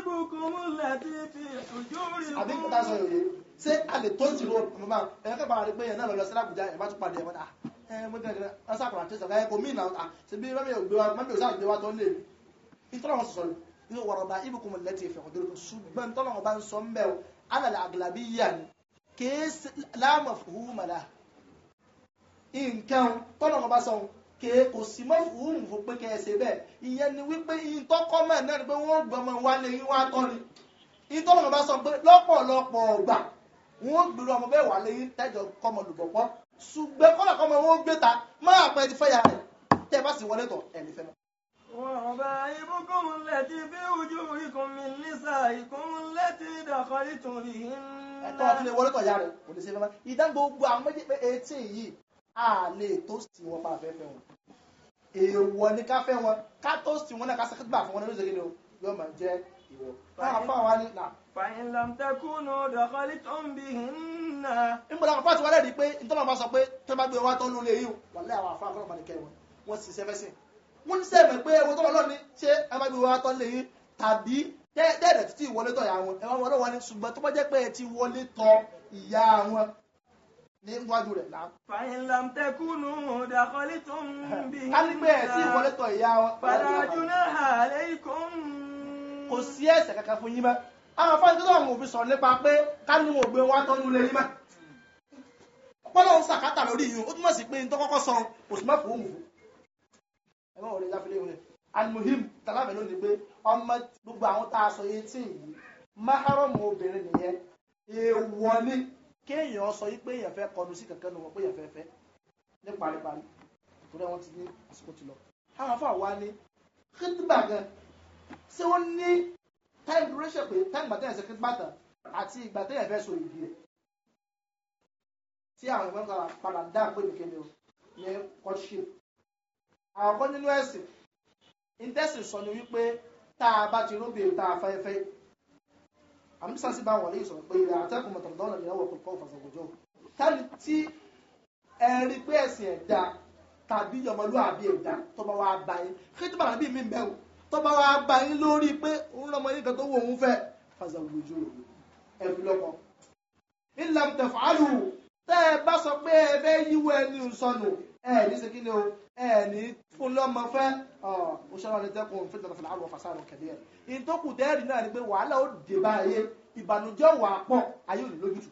bùkún múlẹ̀ títí ojú rí mú. àbí kúta sọ yòye ṣé a lè tó ìṣòro ọmọ máa ẹ̀yìn kẹ́kọ̀ọ́ àrí pé yẹn náà lọ lọ sí Àbújá ẹ̀ bá tún padà ẹ̀ wọ́n ta ẹ̀ mọ́ gẹ́gẹ́ ẹ̀ sàkùnrin àti ìṣàkà ẹ̀ kò mí ìnáwó ta ṣe bí mẹ́mí ògbé wa mẹ́mí òṣà ògbé wa tó lè mí ìtọ́lọ̀ wọn sọ̀rọ̀ ní wọ̀rọ̀ bá ibùkún mọ̀lẹ́ ti fẹ̀ ọ̀dọ́rọ̀ ṣùgbọ́n tọ́lọ̀ wọn bá ń sọ mbẹ́ o alàlẹ́ àgàlàbí yíyà ni kèé láàmù fún mọ̀lá nǹkan tọ́lọ̀ wọn bá sọ kèé kò sí mọ́fùhùmù fún pé kẹ́ ẹ ṣe bẹ́ẹ̀ ìyẹn ni wípé iye tọ́kọ́ mẹ́ẹ̀ náà ni pé wọ́n gbọmọ wa lè yín wá tọ́ ni iye tọ́lọ́mọ bá sọ pé lọ́pọ̀lọpọ̀ ọgbà wọ́n gbèrò ọmọ bẹ́ẹ̀ wà lè yín tẹ́jọ kọ́mọ lùbọ̀pọ̀ ṣùgbẹ́ kọ́lá kọ́mọ wọn gbé ta máa pẹ́ ti fẹ́ ya rẹ̀ tẹ́ ẹ bá sì wọlé tọ̀ ẹ̀mí fẹ́ mọ́. وربائبكم التي في وجوهكم من نسائكم التي دخلتم بهن. ẹ̀tọ́ àti lè wọlé tọ̀ ya rẹ̀ kò ní ṣe fẹ́ mọ́ ìdáǹgbò gbogbo àwọn méjì pé etí yìí a lè tóòsì wọn pa àfẹ́fẹ́ wọn èèwọ̀ ni ká fẹ́ wọn ká tóòsì wọn náà ká sẹ́kẹ́gbà fún wọn lórí ìṣègbè yóò máa jẹ́ ìwọ. fàyín lamtẹ́kùnù dọ̀kọ́lì tó ń bì hìn náà. ń bọ̀dọ̀ àpá tí wọ́n lẹ́rìí pé nítorí àwọn bá sọ pé tó bá gbé wa tó lólè yìí wà lẹ́ àwọn àfáà fọlọ́pàá ní kẹ́ wọn wọ́n sì sẹ́fẹ́ sí. wọ́n ṣe mọ̀ pé ewu tó lọ ṣé ẹ má gbé wa tó lè yín tàbí dẹ́ẹ̀dẹ̀ títí ìwọlé tọ̀ ìyá wọn ẹ wọ́n wọlé wọn ni ṣùgbọ́n tó bá jẹ́ pé ẹ ti wọlé tọ̀ ìyá wọn ní wájú rẹ̀ lá. fàyínlám tẹkùnù dàkọ́lé tó ń bí. ká ní pé ẹ̀ tí ìwọlé tọ̀ ìyá wọn. fàdájú náà àlẹ́ ikùn. kò sí ẹ̀ṣẹ̀ kankan fún yín mọ́. àwọn afáàní tó àwọn òfin sọ̀rọ̀ nípa pé ká ní wọn ò gbé wá tọ́jú lé yín mọ́. ọpọlọ ń sàkátà lórí yìí ó túmọ̀ sí pé nítorí kọ́kọ́ sọ òsùnmọ́ fòun wò. ẹ má wọlé láfilé wọn. alimuhim tàlàbẹ̀ lónìí pé ọmọ gbogbo àwọn tá a sọ yẹn tí ì kéèyàn sọ yí pé èèyàn fẹ́ kọnu sí kankan nu wọn pé èèyàn fẹ́ fẹ́ ní paripari torí àwọn ti ní àsìkò ti lọ àwọn afọ àwa ni kìtìbà gan ṣé wọ́n ní time duration pé time gbàtẹ́ ẹ̀sẹ̀ kìtìbà tán àti ìgbà tẹ́yẹ̀ fẹ́ so ìdí rẹ̀ tí àwọn ìgbọ́n kan padà dá pé nìkéde o ní courtship àwọn kan nínú ẹ̀sìn intestine sọ ni wípé tá a bá ti róbìnrin tá a fẹ́ fẹ́ àmísà sí bá wà ní ìsọ̀rọ̀ pé ilẹ̀ àtẹ́kùn mọ̀tàmọ́dọ́nà ìyàwó kò kọ́ òfàṣọ̀gbòjò tẹ́lẹ̀ tí ẹ rí pé ẹ̀sìn ẹ̀dá tàbí ọmọlúwàbí ẹ̀dá tó bá wá bá yín kí tó bá bí mi bẹ́ẹ̀ tó bá wá bá yín lórí pé òun lọ́mọ yín kan tó wò òun fẹ́ fàṣọ̀gbòjò ẹ̀fí lọ́kọ. ilẹ̀ tẹ̀fàálù tẹ́ ẹ bá sọ pé ẹ fẹ́ yíwọ ẹni sọnù ẹ òṣèlú àlẹ́tẹ́kùn fìtìlẹ̀ fìlà àrùn ọ̀fàṣàrùn kẹ̀lẹ́ ẹ̀ ìtọ́kù dẹ́rì náà ni pé wàhálà ó dé bá ayé ìbànújẹ́ wà pọ̀ ayé ò ní lójútù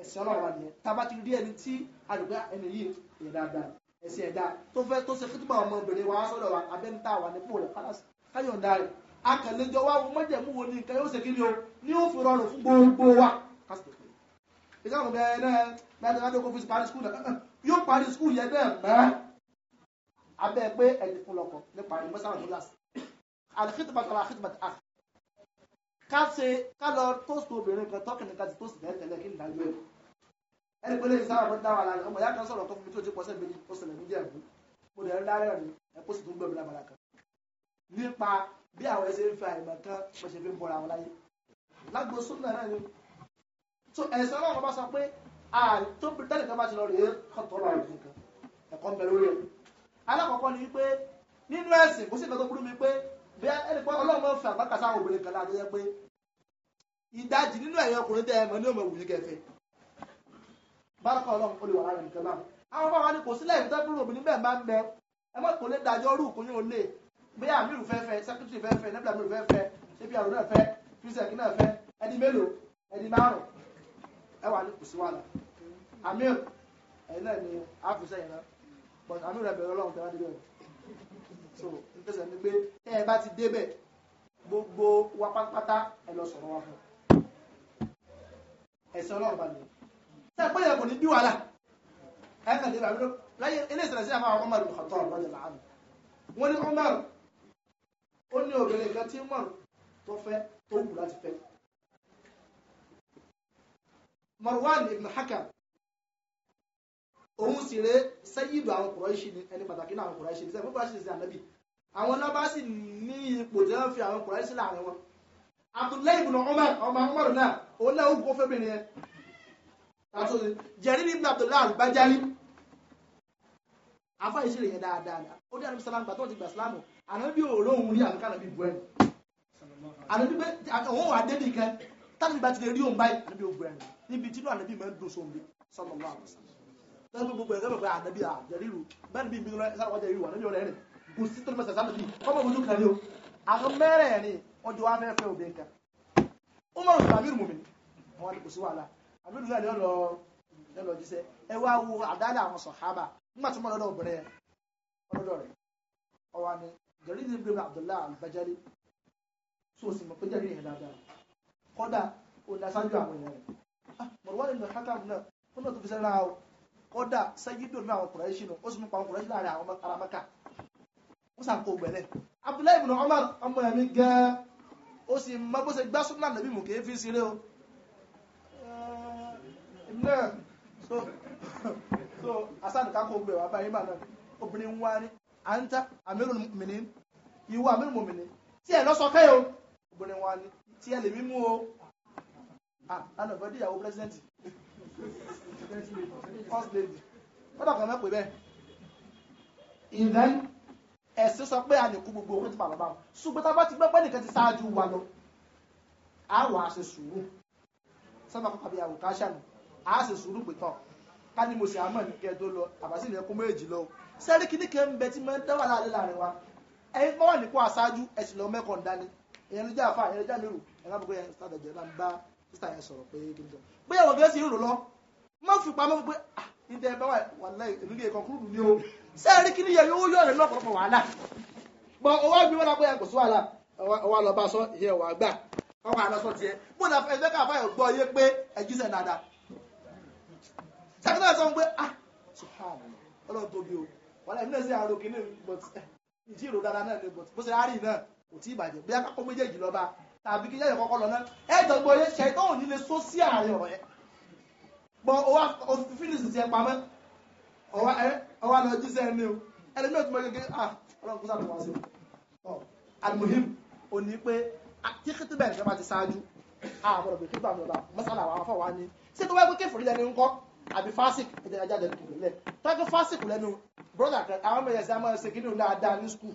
ẹ̀sìn ọlọ́run wa nìyẹn tá a bá ti rí ẹni tí àdùgbà ẹni yìí yẹ dáadáa ẹ̀sìn ẹ̀dá tó fẹ́ tó ṣe kí túbọ̀ ọmọbìnrin wa sọ́dọ̀ wa abẹ́ńtà wa nípò rẹ̀ káyọ̀ǹda rẹ̀ akànlẹ́jọ wa wo mọ́jẹ̀mú wo ni nǹkan yóò ṣe kí ni o ní ó fi rọrùn fún gbogbo wa kásìtò pé gbẹ́sẹ̀ wá pé kó fi parí skul náà yóò parí skul yẹn bẹ́ẹ̀ mẹ́ abẹ́ pé ẹ̀dì fún lọ́kọ̀ ní parí mọ́sálà tó lásì àdìkítìbàtà àdìkítìbàtà àf ká ṣe ká lọ tóòsì obìnrin kan tọ́kì nìkan ti tóòsì bẹ́ẹ̀ tẹ̀lé kí n dájú ẹ̀ ẹni pé lẹ́yìn sábà máa ń dá wà láàrin ọmọ ìyá kan sọ̀rọ̀ tó fún mi tó ti pọ̀ sẹ́yìn méjì ó ṣẹlẹ̀ ní díẹ̀ fún mo lè rí lárẹ́ rẹ̀ ẹ̀kọ́ sì tún gbẹ̀mí lábala kan nípa bí àwọn ẹsẹ̀ ń fi àìmọ̀ kan bó ṣe fi ń bọ̀ra wọn láyé lágbo súnmọ́ náà ni so ẹ̀sẹ̀ ọlọ́run bá sọ pé tó tẹ́lẹ̀ kan bá ti lọ rèé kọ́tọ́ lọ rẹ̀ nǹkan ẹ̀kọ́ bẹ̀rẹ̀ lórí ẹ̀ alákọ̀ọ́kọ́ ni wípé nínú ẹ̀sìn kò sí nǹkan tó burú mi pé bí ẹni pé ọlọ́run máa ń fi àgbàkà sáwọn obìnrin kan láti yẹ pé ìdajì nínú ẹ̀yìn ọkùnrin tẹ́ ẹ mọ̀ ní òmò ìwúyí kẹfẹ́ bárakọ̀ ọlọ́run ó lè wà lára nìkan náà àwọn bá wa ní kò sílẹ̀ ìfẹ́ fún obìnrin bẹ́ẹ̀ máa ń bẹ ẹ mọ̀ kò lè dájọ́ rú kò yóò lè bí àmírù fẹ́fẹ́ sẹ́kítírì fẹ́fẹ́ nẹ́bílà mírù fẹ́fẹ́ ṣébí àrùn náà fẹ́ fíṣẹ̀kì náà fẹ́ ẹni mélòó ẹni márùn ẹwà ní kò sí wàhálà amir ẹ̀yìn náà ni àfisẹ́ yẹn náà but amir rẹ̀ bẹ̀rẹ̀ ọlọ́run tẹ́lá débẹ̀ so n tẹ̀sẹ̀ ni pé tẹ́ ẹ bá ti débẹ̀ gbogbo wa pátápátá ẹ lọ sọ̀rọ̀ wa fún ẹ̀sìn ọlọ́run bá lè tẹ́ ẹ pé yẹn kò ní bí wàhálà ẹ kàn débẹ̀ àmì láyé ilé ìsìnlẹ̀ sí àfáà Umar bin Khattab lọ́jọ́ làánù wọ́n ní Umar ó ní obìnrin kan tí Umar tó fẹ́ tó wù láti fẹ́ Marwan ibn Hakam òun sì rẹ sẹ́yìdù àwọn Kùráìṣì ni ẹni pàtàkì náà àwọn Kùráìṣì ni sẹ́yìn fún Kùráìṣì sí ànábì àwọn náà bá sì ní ipò tí wọ́n fi àwọn Kùráìṣì láàrin wọn Abdullahi ibn Umar ọmọ Umar náà òun náà ó gbó fẹ́bìnrin yẹn tàbí Jarir ibn Abdullah al-Bajali afa ìṣe rẹ̀ yẹn dáadáa ó dé ànábì sálámù gbàtọ́ ti gbà sálámù ànábì òòrùn òun rí àbíkà ànábì bu ẹnu ànábì pé òun òun níbi tínú ànábì máa ń dùn sóńbi sallallahu alaihi wasallam tẹ́lẹ̀ gbogbo ẹ̀rẹ́ bàbá ànábì àjẹríru bẹ́ẹ̀ bí bíi sára ọjà ìrù ànábì ọ̀rẹ́ rẹ̀ kò sí tó mẹ́sà sábà bíi ọmọ ojú kan ní o àwọn mẹ́rẹ̀ẹ̀rin ọjọ́ wa fẹ́ fẹ́ obìnrin kan ó mọ̀ nípa àmì ìrùmùmí wọn kò sí wàhálà àmì ìrùmùmí náà ni ọlọ jíṣẹ́ ẹ wá wo àdáàlà àwọn sàhábà nígbà tó mọ̀ lọ́dọ̀ obìnrin ọlọ́dọ̀ rẹ̀ ọwọ́ ni jẹ̀rìndì ibrahim abdullahi al-bajali o sì mọ̀ pé jẹ̀rìndì yẹn dáadáa kọ́dà ó dáṣájú àwọn èèyàn rẹ̀ Marwan ibn Hakam náà ó náà tó fi sẹ́ra o kódà sẹ́yìndò ní àwọn kùrẹ́ṣì nù ó sì mú pa àwọn kùrẹ́ṣì láàrin àwọn ará Mẹ́kà ó sàn kó gbẹ̀lẹ̀ Abdullahi ibn Umar ọmọ ẹ̀mí gẹ́ẹ́ ó sì mọ bó ṣe gbá súnmọ́ nàbí mú kéé fi ṣeré o náà so [LAUGHS] so asánìká kó gbẹ̀ wá báyìí bá náà obìnrin wá ní à ń tẹ́ Amirul Mu'minin ìwọ Amirul Mu'minin tí ẹ̀ lọ́sọ̀kẹ́ o obìnrin wá ní tí ẹ lè mímú o ah lánàá fẹ́ díyàwó president first lady wọ́n dàgbà mẹ́pẹ́ bẹ́ẹ̀ ìdán ẹ̀sìn sọ pé a lè kú gbogbo owó tí bàbá wọn ṣùgbọ́n tá a bá ti gbẹ́pẹ́ nìkan ti ṣáájú wa lọ a wà á ṣe sùúrù sábà kọ́kọ́ bí àwòká ṣàlù a ṣe sùúrù pẹ̀tọ́ ká ní mo ṣe àmọ́ ní kẹ́ tó lọ àbásí ilẹ̀ kó méjì lọ sẹ́rí kíní kan ń bẹ tí mo ń dá wà láàrin láàrin wa ẹ̀yin bá wà nípò aṣáájú ẹ̀sìn lọ mẹ́kọ̀ọ́ ń dání ìyẹn ló jẹ́ àfa ìyẹn ló jẹ́ àmì rù ẹ̀ka gbogbo yẹn sádọ̀jẹ̀ sísá yẹn sọ̀rọ̀ pé kíni tó bóyá wọ́n gẹ́sì ń rò lọ má fi pamọ́ pé ǹdẹ̀ ah, bá wà láì èmi lè kàn kúrò ní o sẹ́ẹ̀rí kíní yẹ yóò yọ̀ rẹ̀ lọ́pọ̀lọpọ̀ wàhálà bọ̀ owó àgbẹ̀ wọn lápẹ́ kò sí wàhálà wà lọ́ba sọ ìyẹn wà gbà ọwọ́ àlọ́sọ tiẹ̀ bó na ẹgbẹ́ káfá yẹn gbọ́ yé pé ẹjísẹ̀ dáadáa sàkátà sọ pé ah subhanahu ọlọ́run tóbi o wàhálà èmi náà sì àrò kíní but ìjírò eh, dáadáa náà ni but bó ṣe á rí náà kò tí ì bàjẹ́ bí akápọ̀ tàbí kí jẹ́ ìkọ́kọ́ lọ náà ẹ̀jọ̀ gbọ́ yẹ ṣe tó ní lè só sí ààrẹ ọ̀rọ̀ yẹn gbọ́ ọwá fílìsì ti ẹ pamẹ́ ọwá lọ jíṣẹ́ ẹni o ẹni náà ti mọ gẹ́gẹ́ ah ọlọ́run kúsà lọ́wọ́ sí ọ alimuhim ò pé kí kí tíbẹ̀ ìjọba ti ṣáájú àbọ̀rọ̀ pé kí bàmí ọba mọ́sálà wà fọ́ wa ni ṣé tó wáyé pé kéfòrí lẹni ń kọ́ àbí fásik tọ́jú fásik lẹnu brọ́dà àwọn ọmọ yẹn sí àmọ́ ẹsẹ̀ kí ni òun dáadáa ní skul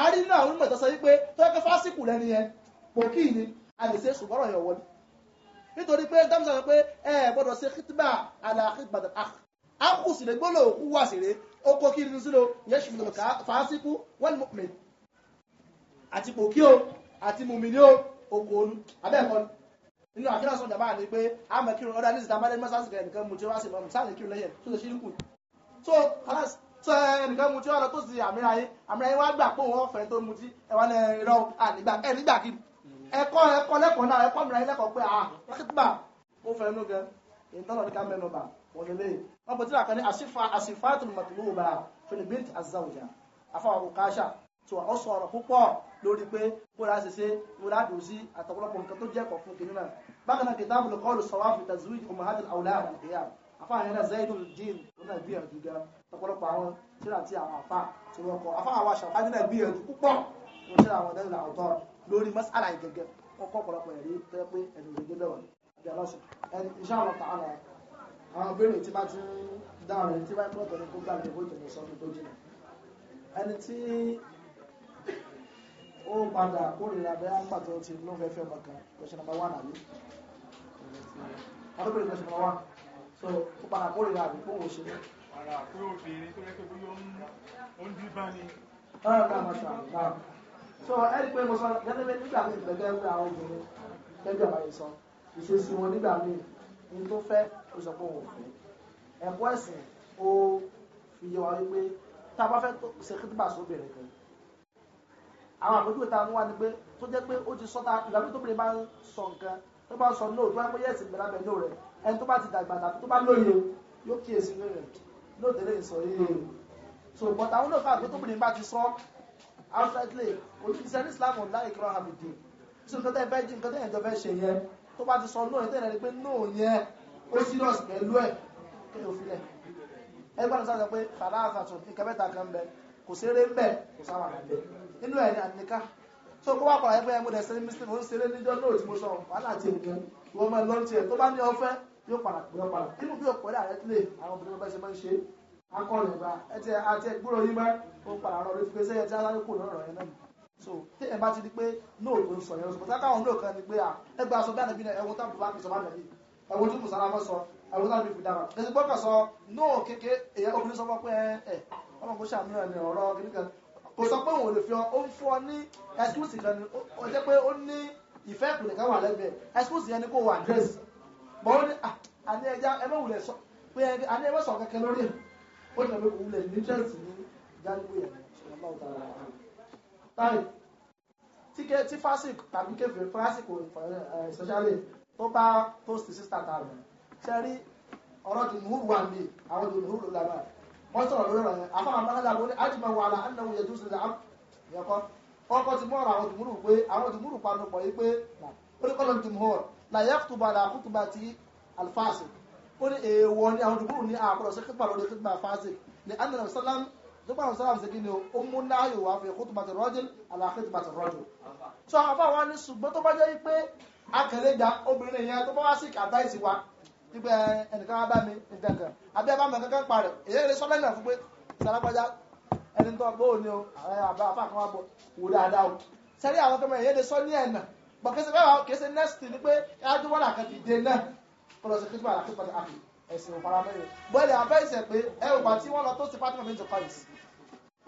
a rí nínú àwọn onímọ̀ ìtọ́sọ wípé tọ́kẹ́ fásikù lẹ́ni yẹn pò kí ni a lè ṣe ṣùgbọ́n ọ̀yọ̀ wọlé nítorí pé dámsà sọ pé ẹ gbọ́dọ̀ ṣe kìtìbà aláàkìtìbàdàn àkù sì lè gbọ́lọ̀ òkú wà sí rè ó kó kí nínú sílò yẹ ṣùgbọ́n fásikù wọ́n ni mọ̀mí àti pò kí o àti mùmí ni o òkú olú abẹ́ẹ̀kọ́ nínú àkíyàn sọ jàmbá ni pé a mọ̀ kírun ọ̀dà ní ìsìtàmọ́lẹ́ mọ́sáàsì kẹ̀kẹ́ mu tí wọ́n á sì mọ̀ sáàsì kírun lẹ́yìn tó ṣe ṣírí kù so sọ ẹnìkan mutí ọ̀rọ̀ tó sì àmìra yín àmìra yín wá gbà pé òun ọ̀fẹ́ tó mutí ẹ̀wà ní ẹ̀rọ ẹ̀nígbàkiri ẹ̀kọ́ ẹ̀kọ́ lẹ́kọ̀ọ́ náà ẹ̀kọ́ mìíràn lẹ́kọ̀ọ́ pé ah kíkpà ó fẹ́ nú gan ìtọ́nà ní ká mẹ́nu bà wọ́n lè wọ́n bọ̀ tí ra kan ní àsìfà àsìfà tó mọ̀tò wò bá filibint azawuja afáwọn òkàṣà tí wọ́n sọ ọ̀rọ̀ púpọ̀ lórí pé bóra ṣe ṣe múra dùn sí àtọ̀pọ̀lọpọ̀ nǹkan tó lù sọ̀wá fi tazwid umahadul awlad al ọ̀pọ̀lọpọ̀ àwọn tíra tí àwọn àfà tí wọ́n kọ afá àwọn aṣàfà nílẹ̀ gbìyànjú púpọ̀ wọ́n tíra àwọn dẹ́rù làwọn tọrọ lórí mọ́sálà ìgẹ̀gẹ̀ wọ́n kọ́ ọ̀pọ̀lọpọ̀ ẹ̀rí tó yẹ pé ẹ̀rí ìgẹ̀gẹ̀ bẹ̀wọ̀n àbí ọlọ́sùn ẹni iṣẹ́ àwọn tààlà àwọn béèrè tí bá ti ń dáhùn ẹni tí bá ń pọ̀ tọ̀ ní kó gbàgbé kó tẹ̀lé sọ́dún tó jìnà ẹni tí ó padà kórìíra bẹ́ẹ̀ àgbà tó ti ló fẹ́ fẹ́ ọmọ kan question number one àbí ọdún pẹ̀lú question number one so ó padà kórìíra àbí kó wò ṣe ara pé obìnrin tó rẹ́pẹ́ bóyá ó ń dí bá ni. ọ̀rọ̀ náà mo sọ náà so ẹ rí i pé mo sọ gẹ́gẹ́ bí nígbà míì gẹ́gẹ́ bí àwọn obìnrin gẹ́gẹ́ bí àbáyé sọ ìṣesí wọn nígbà míì ní tó fẹ́ ó sọ pé òun fẹ́ ẹ̀kọ́ ẹ̀sìn ó fi yọ wáyé pé tá a bá fẹ́ ṣe kíntìbà sóbìnrin kan àwọn àpèjúwe tá a mú wá ni pé tó jẹ́ pé ó ti sọ́ta ìgbà míì tóbìnrin bá ń sọ nǹkan tó bá ń sọ nóò tó bá ń pẹ́ yẹ̀sì ìgbàlábẹ̀ nóò rẹ̀ ẹni tó bá ti dàgbà tó bá lóye yóò kíyèsí lóye rẹ̀ No, lè sọ yìí so but àwọn náà fàgbé tó bìnrin bá ti sọ outrightly olùdíṣẹ́ ní Islam ọ̀la ìkọrọ̀ àmìdì so nǹkan tẹ́ fẹ́ jí nǹkan tẹ́ ẹ̀jọ́ fẹ́ ṣe yẹn tó bá ti sọ náà yẹn tẹ́lẹ̀ pé náà yẹn ó serious pẹ̀lú ẹ̀ kí ló filẹ̀ ẹgbẹ́ náà sọ pé fàlà àfàtún nǹkan mẹ́ta kan bẹ kò séré ń bẹ kò sáwà kan bẹ nínú ẹ̀ ní àníká so kó wà pàrọ̀ ẹgbẹ́ ẹ̀ mú dẹ̀ sẹ́ni mísírì ó ń seré níjọ́ náà tí mo sọ wàhálà ti nǹkan ìwọ́n máa lọ́ọ́ tiẹ̀ tó bá ní ọfẹ́ yóò padà pè ọ́ padà nínú bí òpó rẹ̀ lè àwọn obìnrin bá ṣe máa ń ṣe akọrin ìgbà ẹtì àti ẹgbúrò yín máa ó padà rọ lórí fífẹsẹ̀ ẹtì aláwọ̀ kò lọ́rọ̀ ẹ̀ náà so téèyàn bá ti di pé nóò tó ń sọ yẹn ṣùgbọ́n táwọn nóò kan ni pé à ẹgbẹ́ aṣọ bí ànàbí náà ẹ̀wọ̀n tábù bá kẹsọ̀ bá nàbí ẹ̀wọ̀n tó mùsàlá mọ́ sọ ẹ̀wọ̀n tábù fi dára èsì gbọ́kàn sọ nóò kéke èyàn obìnrin sọ fún pé ẹ ọmọ kò ṣàmìlẹ̀ ní ọ̀rọ̀ kìnnìkan kò sọ pé òun ò lè fi ọ ń fún ọ mọ ó ní àní ẹja ẹ mọ wulẹ̀ sọ pé àní ẹ mọ sọ kẹkẹ lórí ẹ ó ní ọmọ òun lẹ ní tẹ́ǹsì ní ìdánilóyè ẹ̀ ṣọlá ọ̀tá ara rẹ̀ táyì tí fásitì tàbí kẹfẹ fásitì ìṣẹṣẹlẹ tó bá tóòsì sísá tààrà ṣẹrí ọ̀rọ̀ jùmùúrù wà ní àwọn jùmùúrù lára wọ́n sọ̀rọ̀ lórí ọ̀rọ̀ yẹn àfáà máa lára lórí ájùmọ̀ wà láà náà yẹ jùsùn ìdá yẹkọ́ ọkọ̀ ti mọ́ ọ̀rọ̀ àwọn jùmùúrù pé àwọn jùmùúrù panupọ̀ yìí pé oríkọ́lọ̀ jùmùúrù láyàkùtùbà àlàkùtùbà ti alfáàsì ó ní èèwọ̀ ní àwọn olùgbòrò ní àpọ̀lọ̀ sí kípa lórí kípa fáàsì ní annabi sallam nípa àwọn sallam sí kíni ó mú láàyò wá fi kútùbà ti rọ́jìn àlàkùtùbà ti rọ́jù so àwọn afáwa ní ṣùgbọ́n tó bá jẹ́ pé akẹlẹ́gbà obìnrin yẹn tó bá wá sí àdáìsí wa nígbà ẹnìkan wá bá mi nǹkan àbí ẹ bá mi kankan parẹ èyí lè sọ lẹ́nà fún pé sàlágbájá ẹni tó bó ni o àbá afá kan wá bọ̀ wò dáadáa o sẹ́rí àwọn tó èyí lè sọ ní ẹ̀nà bọ̀ kẹsẹ̀ bẹ́ẹ̀ kẹsẹ̀ next ni pé ájú wọ́n làkẹ́ fi dé náà kọlọ̀ sí kíkọ́ àlàkí pàtàkì àfi ẹ̀sìn òfara mẹ́rin bọ́ẹ̀lẹ̀ abẹ́ ìṣẹ̀ pé ẹ̀rù e pa tí wọ́n lọ tó sí Fatima méjì kọ́ìs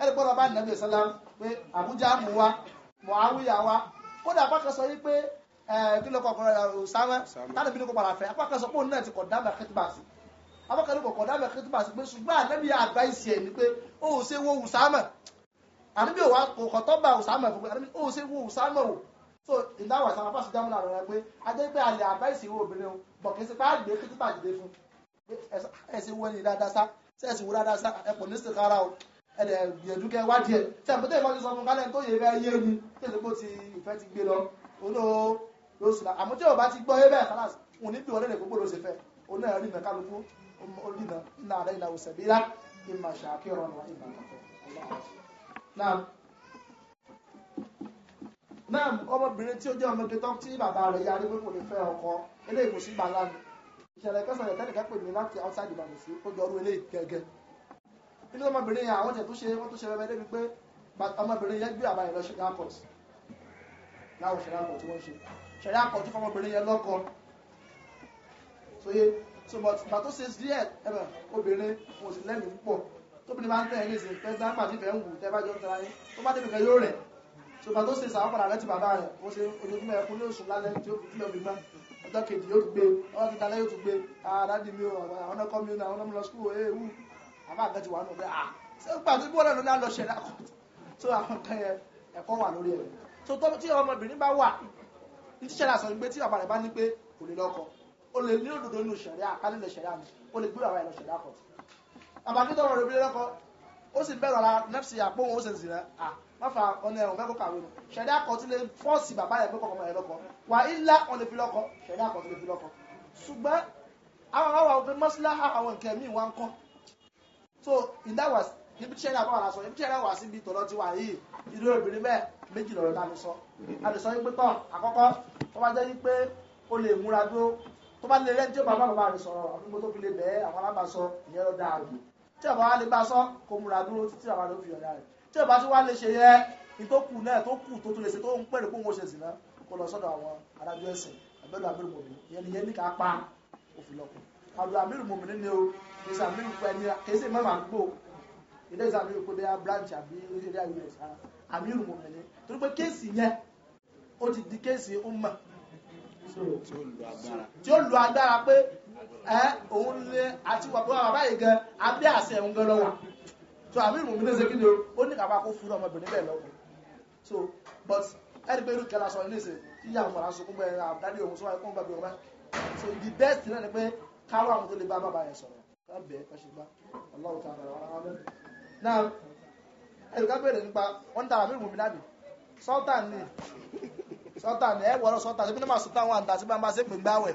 ẹ̀rù gbọ́dọ̀ bá nàbẹ̀ sọ́lá pé Àbújá mú wa Muawiya wa kódà apákan sọ yìí pé e, kí ló kọkọrọ ẹ̀rù sáwẹ́ láti bí ní kò padà fẹ́ apákan sọ pé òun náà ti kọ̀ dábẹ̀ kẹtìbàsì apákan ló kọ̀ dábẹ̀ kẹtìbàsì pé ṣùgbọ́n ànábì àgbà ìṣẹ̀ ni pé ó ṣe wo Usama ànábì òwa kò kọ̀ tọ́ bá Usama fún o so ìdáwọ̀ ìsàwọn apá ṣùgbọ́n múlá rẹ̀ pé a jẹ́ pé a lè àbá ìsìnwó obìnrin bọ̀ kì í ṣe pé a gbé kí títà dìde fún ẹ̀sìn wo ni dáadáa sá sẹ́ẹ̀sì wo dáadáa sá ẹ̀pọ̀ ní sèkára o ẹ̀dẹ̀ gbìyànjú kẹ́ wádìí ẹ̀ sẹ́ẹ̀pẹ́tẹ́ ìmọ̀ ti sọ fún kálẹ̀ tó yẹ bẹ́ yé ni tẹ̀sí pé ti ìfẹ́ ti gbé lọ ono lóṣùlá àmọ́ tí o bá ti gbọ́ ẹ bẹ́ẹ̀ kálá òun ní bí wọn lè gbogbo lóṣè fẹ́ òun náà rí mẹ́ká lóko orí náà ńlá àdáyìnlá òṣèbíyá ìmọ̀ ṣàkíyàn ọ̀nà ìmọ̀ àkọ́kọ́ ọlọ́run náà ọmọbìnrin tí ó jẹ́ ọmọ kẹtọ́ tí bàbá rẹ̀ yarí pé kò lè fẹ́ ọkọ eléyìí kò sí bàlá ni ìṣẹ̀lẹ̀ kẹsàn-án tẹ́nìkan pè mí láti outside Ìbàdàn sí ó jọ ọrú eléyìí gẹ́gẹ́ nínú ọmọbìnrin yẹn àwọn tẹ̀ tó ṣe wọ́n tó ṣe rẹ́rẹ́ débi pé ọmọbìnrin yẹn gbé àbá yẹn lọ ṣe airport láwọn ṣẹlẹ̀ airport tí wọ́n ṣe ṣẹlẹ̀ airport fún ọmọbìnrin yẹn lọ́kọ sóyè so but ìgbà tó ṣe díẹ̀ ẹ̀bẹ̀ obìnrin wọn ò sì lẹ́mìí púpọ̀ tóbi ni bá ń tẹ̀ ẹ́ ní ìsìn pẹ́ẹ́sì dáhùn àti ìfẹ́ ń wù tẹ́ bá jọ ń tara yín tó bá débi kan yóò rẹ̀ ṣùgbọ́n tó ṣe sàápàdà rẹ̀ ti bàbá rẹ̀ ó ṣe ojoojúmọ́ ẹkún ní oṣù lálẹ́ tí ó fi kílọ̀ fi gbá ọjọ́ kejì yóò gbé ọjọ́ kíta lẹ́yìn tó gbé àdádi ah, mi àwọn ọkọ mi àwọn ọmọ lọ skúù ewu eh, àbá àgbẹ̀ wà nù pé à ah, ṣé ó pàtó bọ́ọ̀lù ló lálọ ṣẹlẹ̀ tó [LAUGHS] àwọn nǹkan yẹn ẹ̀kọ́ wà lórí ẹ̀ tó tọ́ tí ọmọbìnrin bá wà ní tíṣẹ́ la sọ tí bàbá rẹ̀ bá ní pé ó sì bẹ̀rù ara nẹ́fṣì àpò òun ó sì zìnà à máfa ọ̀nà ẹ̀rùn fẹ́kọ̀ọ́ kàwé nù ṣẹ̀dá kan tí lè fọ́ọ̀sì bàbá yẹn pé kọ̀ọ̀kan ẹ̀ lọ́kọ wà ilá ọ̀nà ìfi lọ́kọ ṣẹ̀dá kan tí lè fi lọ́kọ. ṣùgbọ́n àwọn àwọn òfin mọ́sílá àwọn nǹkan míì wá ń kọ́ so ìdáwà níbi tí ẹ̀rọ àbáwọ̀ lásán níbi tí ẹ̀rọ wà síbi tọ̀lọ́ ti wà yìí ìlú obìnrin bẹ́ẹ̀ méjì lọ́rọ̀ tá lè sọ a lè sọ wípé tán àkọ́kọ́ tó bá jẹ́ wípé ó lè múra dúró tó bá lè rẹ́ tí ó bá bá bàbá rẹ̀ sọ̀rọ̀ àdúgbò tó fi lè bẹ́ẹ̀ àwọn alábàásọ ìyẹn lọ dáa jù tí ọba wa lè bá sọ kó múra dúró títí ọba ló fi ọ̀dà rẹ̀ tí ọba tí wàá lè ṣe yẹ ìtókù náà tó kù tó tún lè ṣe tó ń pèrè kó wọn ṣe sì náà lọ sọ́dọ̀ àwọn adájọ́ ẹ̀sìn àbẹ́lú àmìrì mòmí ìyẹn ni yẹn ní ká pa òfin lọ́kùn àbẹ́lú àmìrì mòmí ní o kì í ṣe pẹ́ ní kì í ṣe gbò ilé ìṣe àmìrì pé bẹ́ẹ̀ branch àbí ilé ayé rẹ̀ mòmí ni torí pé kéèsì yẹn ó ti di kéèsì ó mọ̀ tí ó lu agbára pé òun lé àti wà pẹ̀lú àbá yìí gan abẹ́ àṣẹ òun gan lọ́wọ́ so àmì ìrùn mi ní ṣekí ni o ó ní kápá kó fún ọmọbìnrin bẹ́ẹ̀ lọ́wọ́ so but ẹni pé irú kẹla sọ ilé ìṣe tí ìyá ọmọ lásán kúngbẹ àbúdádé òun sọ́wọ́ ẹkún bàbí ọmọ so the best náà ni pé káwọ́ àwọn tó lè bá bàbá yẹn sọ̀rọ̀ kábẹ́ kọ́ṣe gbá ọlọ́run ta àbẹ̀rẹ̀ wọn rárá náà ẹni ká bẹ̀rẹ̀ nípa wọ́n ń ta àmì ìrùn mi náà bì sọ́tà ni sọ́tà ni ẹ wọ́rọ̀ sọ́tà síbi náà máa sọ́tà wọn àǹtà síbi máa ṣe pè gbáwẹ̀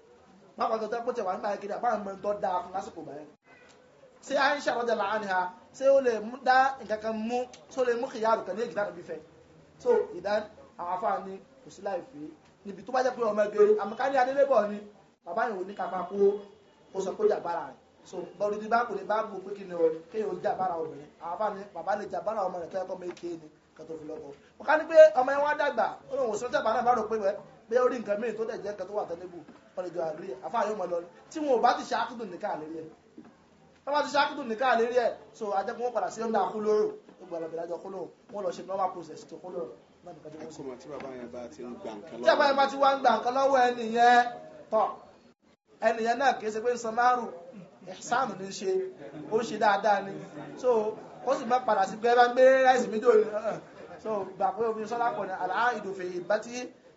bákan tó tẹ́ kó tẹ̀ wà nígbà kékeré àpá àwọn ọmọ tó dáa fún lásìkò bẹ́ẹ̀ ṣé Aisha rọ́jà là ánìhà ṣé ó lè dá nǹkan kan mú ṣó lè mú kìyà àrùkàn ní ìgbà níbi fẹ́ so ìdán àwọn afáà ní kò sí láì fi níbi tó bá jẹ́ pé ọmọ ẹgbẹ́ àmọ́kárí adélébọ̀ ni bàbá yìí ò ní kápá kó kó sọ pé jàbára rẹ̀ so bọ́ọ̀lù ti bá kò lè bá bù pé kí ni o kéèyàn ó jàbára obìnrin àwọn afáà ní bàbá lè jàbára ọmọ rẹ̀ kẹ́kọ̀ọ́ mẹ́kẹ́ ni kẹ́tọ́ fi lọ́kọ̀ọ́ bóyá orí nǹkan mìíràn tó dẹ̀ jẹ́ tó wà tẹ́lẹ́bù ọ̀rẹ́jọ àgírí àfáà mọ̀ lọ tí wọn ò bá ti ṣe ní káà lérí ẹ̀ tó bá ti ṣe ní káà lérí ẹ̀ so ajẹ́kùn wọn padà sí ọ́nà kúlóró gbogbo àlọ́ ìdájọ́ kúlóró wọn lọ ṣe normal process tó kúlóró náà nìkan jẹ́ ẹ bá so gbà pé omi sọ́lá pọ̀ ní àlàá ìbátí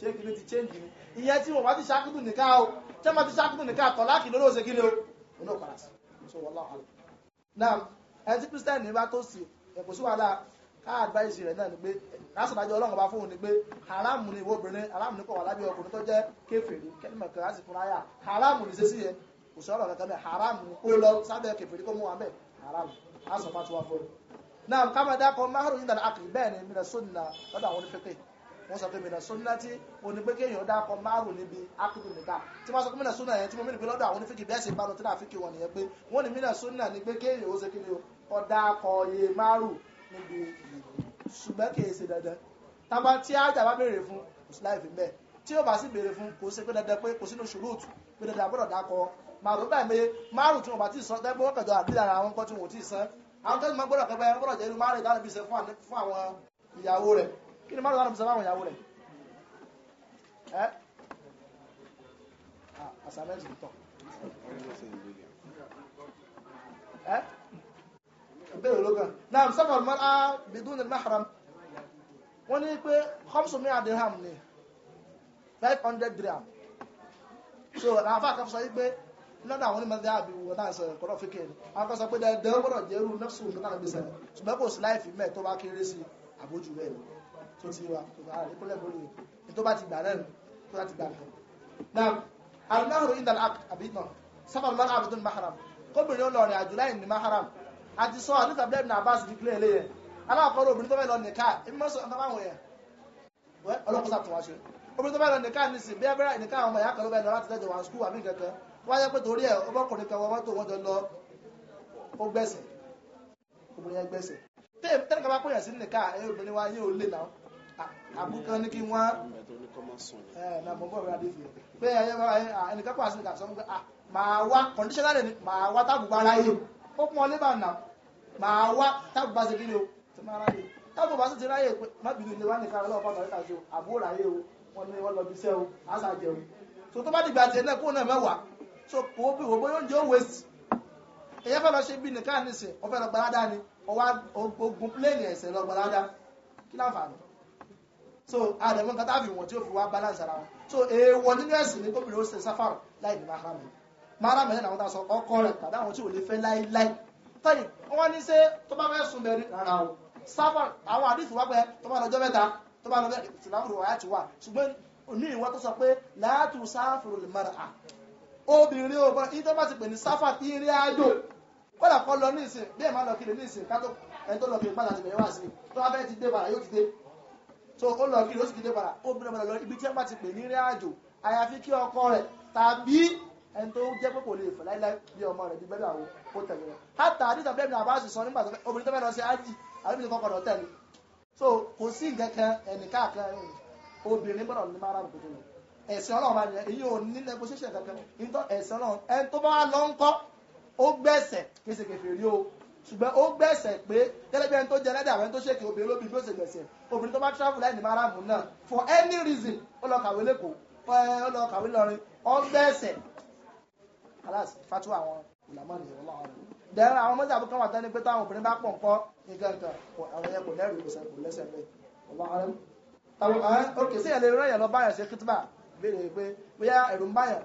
ṣé kí ló ti change ni ìyẹn tí wọ́n wá ti ṣákùtù nìkan o tí wọ́n ti ṣákùtù nìkan tọ̀ láàkì lórí òṣèkí ni o oní sí so wọ́n láwọn àlọ́ náà ẹni christian ní bá tó sí ẹ̀kọ́ sí wàhálà ká advice rẹ̀ náà ni pé lásìdájọ́ ọlọ́run bá fóun ni pé haram ni ìwọ obìnrin haram ni kò wà lábẹ́ ọkùnrin tó jẹ́ kèfèrí kẹ́lìmọ̀ kan láti fún aya haram ni sẹ́sí yẹn kò sọ̀rọ̀ kankan bẹ́ẹ̀ haram ni kó lọ sábẹ́ kèfèrí kó mú wa bẹ́ẹ̀ haram á sọ fún àtiwá fún un. náà ká máa dákọ̀ máhàrún yìí dàda bẹ́ẹ̀ ni mi rẹ̀ sóni náà lọ́dọ̀ àwọn onífẹ́kẹ́ wọ́n sọ pé mìíràn sunnati ó ní pé kéèyàn dákọ márùn níbi akutu nìka tí wọ́n sọ pé mìíràn sunna yẹn tí mo mìíràn pé lọ́dọ̀ àwọn onífíkì bẹ́ẹ̀ sì bá lọ́tí àfikì wọn nìyẹn pé wọ́n ní mìíràn sunna ni pé kéèyàn ó ṣe kí ni ó dákọ iye márùn níbi ṣùgbọ́n kì í ṣe dandan tábà tí ájà bá béèrè fún kò sí láì fi bẹ́ẹ̀ tí ó bá sì béèrè fún kò sí pé dandan pé kò sínú ṣùrùtù pé dandan àbúrò dákọ márùn bẹ́ẹ̀ mi márùn tí wọ́n bá ti sọ tẹ́ gbọ́n kẹjọ àbí lára àwọn nǹkan tí wọ́n ti sàn àwọn tẹ́lẹ̀ máa gbọ́dọ̀ kẹfẹ́ gbọ́dọ̀ jẹ́ irú márùn ìdánilẹ́bí ṣe fún àwọn ìyàwó rẹ̀ kí ni márùn-ún àrùn sábàwọn ìyàwó rẹ̀ ẹ́ àsàmẹ́sì ah, tọ̀ ẹ́ ìbéèrè ológun náà sábàwọn mọ́ra bidúnì mahram wọ́n ní pé khamsu mi'a dirham ni five hundred dirham so àfa kan sọ yí pé lọ́dọ̀ àwọn onímọ̀ dáàbí wọ́n náà sọ ẹ̀kọ́ náà fíkẹ́ ni àwọn kan sọ pé dandan gbọ́dọ̀ jẹ́rú nọ́ọ̀sù nǹkan náà gbèsè ṣùgbọ́n kò sí láìfì mẹ́ẹ̀ tó bá kéré sí àbójú bẹ́ẹ̀ ni tó ti wà tó bá rẹ̀ kúnlẹ̀ fún ìyẹn ní tó bá ti gbà náà tó bá ti gbà nǹkan. na aláhùn ìdá àbí tán sábà máa ń àbí tó ní maharam kóbìnrin ó lọ rìn àjò láì ní maharam àti sọ àti tàbí ẹ̀mí àbá sì kílẹ̀ ilé yẹn aláàkọ́rọ̀ obìnrin tó fẹ́ lọ nìka èmi mọ́ sọ ọ̀tá báwọn yẹn ọlọ́kùn sàtún wá ṣe obìnrin tó fẹ́ lọ nìka ní sìn bí nìka àwọn ọmọ ìyá kan ló fẹ́ lọ láti tẹ́jọ wá skul àbúkan ní kí wọ́n pé ẹnìkan pàṣẹ nìkan sọ pé ah, máa wá kọ̀ndíṣẹ́lá ni máa wá tábùbá ráyè ó pọn ọlé bá nà máa wá tábùbá sí kí ni o ti máa ráyè tábùbá sí ti ráyè pé má bìnú ilé wá nìkan ọlọ́pàá tọ̀rẹ́ kàṣe o àbúrò ráyè o wọn ni wọ́n lọ bí iṣẹ́ o àṣà jẹun so tó bá dìgbà tiẹ̀ náà kó náà mẹ́wàá so kò ó bí wò bóyá oúnjẹ ó wéṣì èyẹ fẹ́ lọ ṣe bí nìkan nìsín ọ̀fẹ́ lọ gbalada ni ọwọ́ ogun pléènì ẹ̀sẹ̀ lọ gbalada kí láǹfààní so àdàmọ́ nǹkan táàfin wọn tí ó fi wá balance ara wọn so èèwọ̀ nínú ẹ̀sìn ní gómìnà ó ṣe sáfàrọ̀ láì ní mahram mahram ẹ̀ làwọn tá a sọ ọkọ rẹ̀ tàbí àwọn tí ò lè fẹ́ láíláí tọ́yì wọ́n ní ṣé tó bá fẹ́ sun bẹ̀rẹ̀ rárá o sáfàrọ̀ àwọn àdìsí wá pé tó bá lọ́jọ́ mẹ́ta tó bá lọ́jọ́ ìtìláwòrò wáyà ti wà ṣùgbọ́n ní ìwọ́n tó sọ pé láàtú sáfàrò lè mara obìnrin ò gbọ́n ìjọba ti pè ní sáfà tí rí àjò kọ́dà kọ́ lọ ní ìsìn bí ẹ̀ má lọ kiri ní ìsìn ká tó ẹni tó lọ kiri padà ti bẹ̀rẹ̀ wá sí tó bá fẹ́ ti dé padà yóò ti dé so ó lọ kiri ó sì fi dé padà ó bínú padà lọ ibi tí wọ́n bá ti pè ní rí àjò àyàfi kí ọkọ rẹ̀ tàbí ẹni tó jẹ́ pé kò lè fẹ́ láíláí bí ọmọ rẹ̀ bí bẹ́ẹ̀ àwọn ó tẹ̀lé rẹ̀ hátà àdìsàn bẹ́ẹ̀ ni àbáṣe sọ nígbà tó fẹ́ obìnrin tó fẹ́ lọ sí ájì àbí mi kọ́kọ́ lọ tẹ̀lé so kò sí nǹkan kan ẹnì káàkan obìnrin gbọ́dọ̀ ní mara kò tó lọ ẹ̀sìn ọlọ́run bá ní èyí ò ní negotiation kankan ẹ̀sìn ọlọ́run ẹni tó bá lọ ń kọ́ ó gbẹ̀sẹ̀ kéṣekèfè rí o ṣùgbọ́n ó gbẹ̀sẹ̀ pé gẹ́gẹ́ bí ẹni tó jẹ lẹ́dẹ̀ àwọn tó ṣèkè obìnrin olóbi bí ó ṣe gbẹ̀sẹ̀ obìnrin tó bá travel láì ní márààmù náà for any reason ó lọ kàwé lẹ́kọ̀ọ́ ó lọ kàwé lọ́rin ó gbẹ̀sẹ̀ alas fatu àwọn ìlàmọ́ nìyẹn ọlọ́run dẹ́rẹ́ àwọn mọ́tò àbúkọ́ wà tán pé táwọn obìnrin bá pọ̀ nǹkan nǹkan nǹkan àwọn yẹn kò lẹ́rù kò lẹ́sẹ̀ pé bóyá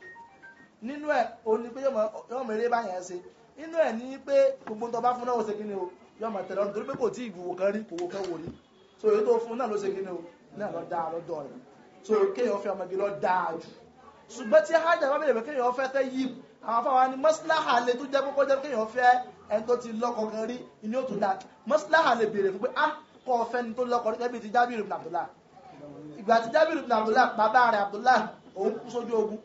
nínú ẹ̀ o ní pé yóò mọ eré báyẹn ṣe nínú ẹ̀ ní pé gbogbo tó bá fún náà ó ṣe kíni o yóò mọ tẹ̀lé ọdún torí pé kò tí ìwò kan rí kòwò kan wò rí so èyí tó fún náà ló ṣe kíni o náà lọ dáa lọ́dọ̀ rẹ̀ so kéèyàn fẹ́ ọmọge lọ dáa jù ṣùgbọ́n tí hajj bá bẹ̀rẹ̀ pé kéèyàn fẹ́ tẹ́ yí àwọn afáwa ni mọ́síláhà lè tó jẹ́ kókó jẹ́ kéèyàn fẹ́ ẹni tó ti lọ́kọ kan rí ni ó tún dáa mọ́síláhà lè béèrè fún pé ah kọ́ ọ fẹ́ni tó lọ́kọ rí gẹ́gẹ́ bí ti jábìrì ibn Abdullah ìgbà tí jábìrì ibn Abdullah bàbá rẹ̀ Abdullah òun kú sójú ogun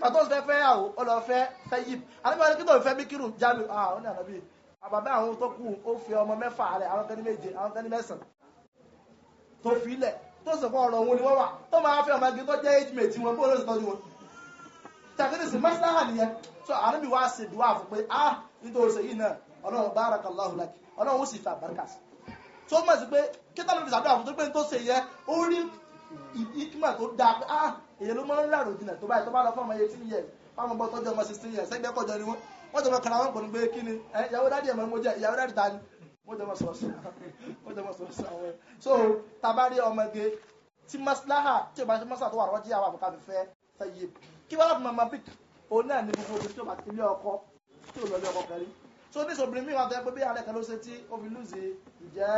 pàtó ń fẹ́ yàwó ó lọ fẹ́ fẹ́ yìí àníbi wọn kí tó ń fẹ́ bíkírù jáde ah ó ní àná bíi àbàbá àwọn tó kù ó fi ọmọ mẹ́fà rẹ̀ àwọn kan ní méje àwọn kan ní mẹ́sàn-án tó fi ilẹ̀ tó sì fọ́ ọ̀rọ̀ òun ni wọ́n wà tó máa fẹ́ ọmọ igi tó jẹ́ age mate wọn bóòlù ìtọ́jú wọn tàkìrìsì mẹ́sàn-án nìyẹn tó àníbi wá sí ìdúwà fún pé ah nítorí ṣe yìí náà ọlọ́run barakallahu laki ọlọ́run sì fà bàrẹ́kà sí tó mọ̀ sí pé kí tàbí ìsàdúrà fún tó pé tó ṣe yẹ ó rí ah èyí ló máa ń rà rògbìnà tó báyìí tó bá lọ fún ọmọ eighteen years fáwọn ọmọ tọjú ọmọ sixteen years ẹgbẹ́ kọjọ ni wọ́n wọ́n jọ mọ kara wọn pẹ̀lú pé kí ni ìyàwó dádì ẹ̀mọ́ mo jẹ ìyàwó dádì ta ni wọ́n jọ mọ sọ̀ọ̀sọ̀ wọ́n jọ mọ sọ̀ọ̀sọ̀ àwọn ẹ̀ so tabari ọmọge tí maslaha tí o bá ṣe maslaha tó wà lọ́wọ́ jíyàwó àbùkà mi fẹ́ fẹ́ yé kí wọ́n láti máa bíkì òun náà ní gbogbo obìnrin tí o bá ti lé ọkọ tí o lọ lé ọkọ kẹrí so ní sọ̀bìnrin mi wọn fẹ́ pé bí ló ṣe tí o fi lùzì ìjẹ́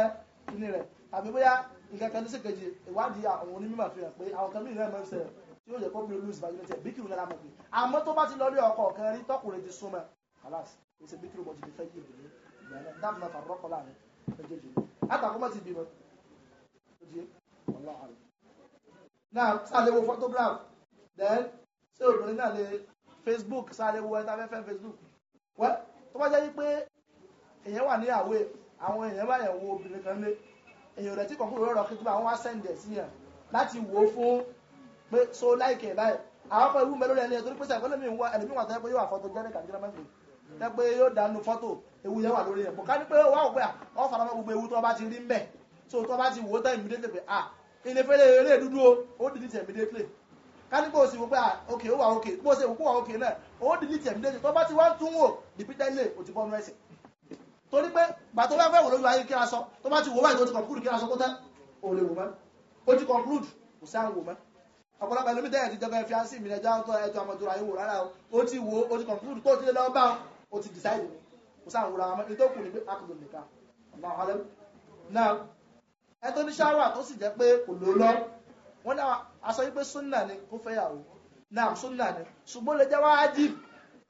inú rẹ̀ àbí bóyá nǹkan kan ló ṣèkejì ìwádìí tí yóò jẹ́ kó mi lose virginity ẹ̀ bíkìrù lára mọ̀ pé àmọ́ tó bá ti lọ rí ọkọ ọ̀kan rí tọkùnrin ti súnmọ́ alas kò sí bíkìrù mọ̀ jìbìtẹ́ yìí ìgbà náà dáàbò náà fàrọ̀ kọ́ láàrin méjèèjì látàkùn mọ́ ti bímọ lójú ọ̀la àrùn. náà sàléwò photograph then ṣé obìnrin náà lè Facebook sàléwò ẹni tàbí fẹ́ Facebook wẹ́ tó bá jẹ́ pé èèyàn wà ní àwẹ̀ àwọn èèyàn bá yẹn wo obìnrin kan lé èèyàn rẹ̀ tí kọ̀ọ̀kúrò pé so láìkè báyìí àwọn ọmọ ìwúmẹ lórí ẹni ẹ torí pé sàgbọ́n lèmi wá ẹlòmí wà tẹ́lẹ̀ pé yóò àfọ́tò jẹ́rẹ́ kàdí gírámà fún mi tẹ́ pé yóò dánú fọ́tò ewu yẹn wà lórí ẹ̀ bọ̀ ká ní pé wà ó pé à ah, ọ fara mọ́ gbogbo ewu tó bá ti rí mbẹ̀ so tó bá ti wò ó tán immediately pé à ah, ìnefẹ́lẹ́ eré dúdú o ó delete immediately ká ní pé o sì wò pé à ah, ok ó wà ok bó ṣe kó wà ok náà ó delete immediately tó bá ti wá tún wò repeatedly ò ti bọ́nu ẹsẹ̀ torí pé gbàtọ́ bá fẹ́ wò lójú ayé kí a sọ tó bá ti wò báyìí tó ti conclude kí a sọ kó tán ò lè wò mọ́ ó ti conclude kò sáà ń wò mọ́ ọ̀pọ̀lọpọ̀ ẹlòmí tẹ́yẹ̀ ti jọba ẹ̀fí á sí ìmìnira ẹja ọ̀tọ̀ ẹ̀tọ́ àmọ̀jọ́ra yóò rárá o ó ti wo ó ti conclude kó o ti lé lọ́wọ́ bá o ti decide o kò sáà wúra ọmọ ètò kù ní pé akọ̀dọ̀ nìkan ọ̀nà ọ̀hálẹ́ náà ẹ tó ní ṣáwà tó sì jẹ́ pé kò ló lọ wọ́n náà aṣọ yí pé súnà ni kó fẹ́ yàwó náà súnà ni ṣùgbọ́n lè jẹ́ wájib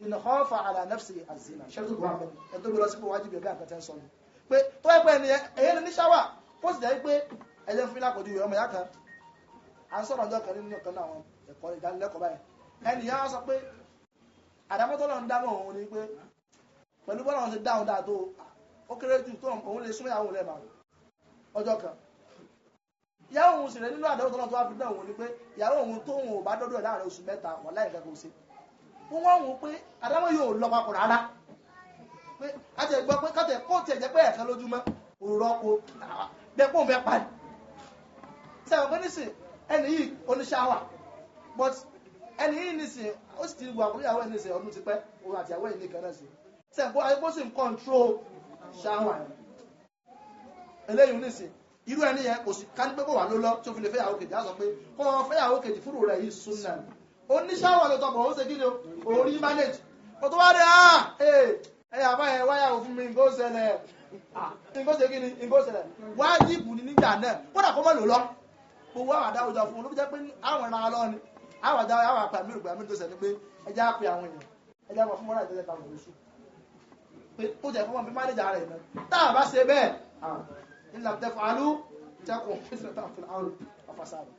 ìnàkọ́fà àlà nafsi àzìnà ṣẹ́tù à ń sọ̀rọ̀ ọjọ́ kan nínú kan náà àwọn ẹ̀kọ́ ìdánilẹ́kọ̀ọ́ báyìí ẹnì yẹn sọ pé àdámọ́tọ́ lọ́n dámọ̀ òun ni pé pẹ̀lú bọ́lá wọn ti dáhùn dáa tó ó kéré jù tó òun lè súnmọ́ ìyàwó rẹ̀ ọjọ́ kan ìyàwó òun sì rẹ̀ nínú tó òun ni pé ìyàwó òun tó òun ò bá dọ́dọ̀ ẹ̀ láàrin oṣù mẹ́ta wọ́n láì a ti ẹni yìí oníṣàwà but ẹni yìí nìsín ó sì ti wà pẹ̀lú ìyàwó ẹni nìsín ọdún ti pẹ́ òun àti ìyàwó ẹni kan náà sí sẹ́ǹkó ayé bó sì ń kọ́ńtró ṣàwà eléyìí nìsín irú ẹni yẹn kò sí kánipẹ́ bò wà ló lọ tó fi lè fẹ́yàwó kejì á sọ pé kó wọn fẹ́yàwó kejì fúrò rẹ̀ yìí súnà oníṣàwà ló tọ́ bọ̀ ó ṣe kí ni o orí manage kò tó wá dé ah ẹ̀yà báyẹn wáyàwó fún mi nǹkan ó ṣẹlẹ̀ ah, nǹkan ó ṣe kí ni nǹkan ó ṣẹlẹ̀ wáyìbù ni nígbà náà kódà kó mọ̀ lò lọ gbogbo àwọn àdáwùjọ fún olóbi pé àwọn ẹran alọ́ àwọn àdáwọ̀ àwọn àpàmì ògbà mi tó sẹ̀ ni pé ẹjẹ́ á àwọn èèyàn ẹjẹ́ á fún wọ́n láti tẹ̀lé àwọn oṣù pé kó jẹ́ fún wọn mánéjà rẹ̀ náà tá a bá ṣe bẹ́ẹ̀ ńlá tẹfọ alú tẹkùn fẹsẹ̀tà fún àwọn afasa rẹ̀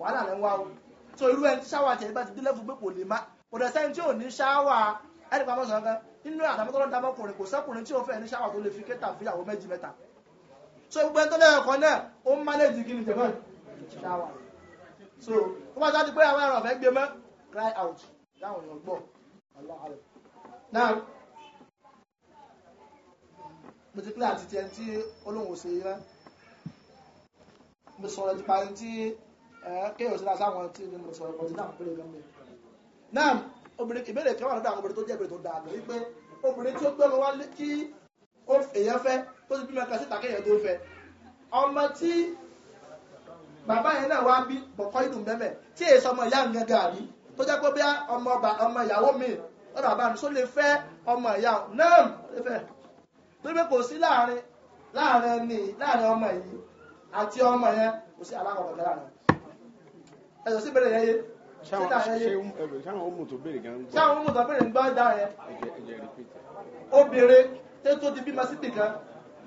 wàhálà rẹ̀ wá o tó irú ẹni ṣáwà tẹ̀ bá ti dé lẹ́fù pé kò lè má kò dẹ̀ sẹ́ni tí ò ní ṣáwà ẹni pàmò sọ̀rọ̀ kan nínú àdàmọ́tọ́lọ́ dámọ́kùnrin kò sẹ́kùnrin tí ò fẹ́ ní ṣáwà tó lè fi kéta fìyàwó méjì mẹ́ta so gbogbo ẹni tó lẹ́yìn ọkọ náà ó ń mánéjì kí ni jẹ̀mọ́ni shower so ó bá sáti pé àwọn ẹran ọ̀fẹ́ gbé mọ́ cry out dáhùn èèyàn gbọ́ aláàrẹ̀ now mo ti clear àti tiẹ̀ tí olóhùn òsè yìí rán mo sọ̀rọ̀ ti parí tí kéèyàn sí láti àwọn tí mo sọ̀rọ̀ pọ̀ sí náà péré gan bẹ́ẹ̀ náà obìnrin ìbéèrè kan wà lọ́dọ̀ àwọn obìnrin tó jẹ́ ìbéèrè tó dáa lọ wípé obìnrin tí ó gbé ọmọ wá kí èèyàn fẹ́ tó ti bímọ kan síta kéèyàn tó fẹ́ ọmọ tí bàbá yẹn náà wá bí bọ̀kọ́ ìdùn mẹ́mẹ́ tí èyí sọmọ ìyá ń gẹ́gẹ́ àbí tó jẹ́ pé bí ọmọ ọmọ ìyàwó mi lọ́dọ̀ bàbá mi só lè fẹ́ ọmọ ìyá náà lè fẹ́ torí pé kò sí láàrin láàrin ẹni láàrin ọmọ yìí àti ọmọ yẹn kò sí alákọ̀ọ́kọ́ láàrin ẹ̀sọ̀ sí bẹ̀rẹ̀ yẹn obìnrin tó tó ti bímọ síbì kan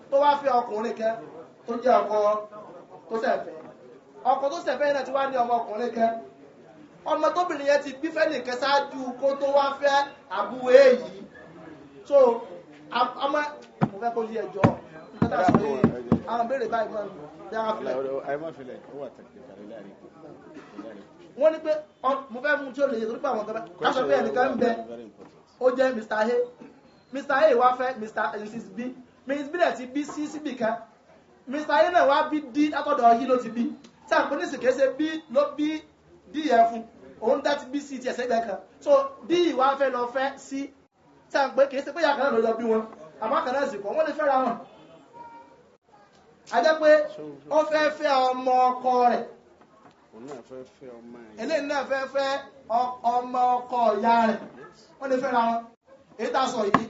tó wá fẹ́ ọkùnrin kan tó jẹ́ ọkọ tó ṣẹ̀fẹ̀ ọkọ tó sẹ̀fẹ́ náà ti wá ní ọmọkùnrin kan ọmọ tóbìnrin yẹn ti gbífẹ́ nìkan ṣáájú kó tó wá fẹ́ àbúwé yìí so ọmọ mo fẹ́ kó yí ẹjọ́ àwọn béèrè báyìí máa ń dára filẹ̀ wọ́n ní pé mo fẹ́ mú tí ó lè yẹ torípé àwọn gẹ́gẹ́ aṣọ pé ẹnìkan ń bẹ ó jẹ́ Mr. A Mr. A wá fẹ́ Mr. Mrs. B Mrs. B náà ti bí sí síbì Mr. A náà wá bí D látọ̀dọ̀ yìí ló ti bí táàpù ní ìsìnkèsè bí ló bí dí yẹn fún òun dá ti bí sí ti ẹ̀sẹ̀ gbẹ kan so dí ìwà fẹ́ lọ fẹ́ sí táàpù kìí ṣe pé yàkàrà ló lọ bí wọn àmọ́ kan náà sì kọ́ wọ́n lè fẹ́ra wọn. a jẹ́ pé ó fẹ́ fẹ́ ọmọ ọkọ rẹ̀ eléyìí náà fẹ́ fẹ́ ọmọ ọkọ ìyá rẹ̀ wọ́n lè fẹ́ra wọn èyí tá a sọ yìí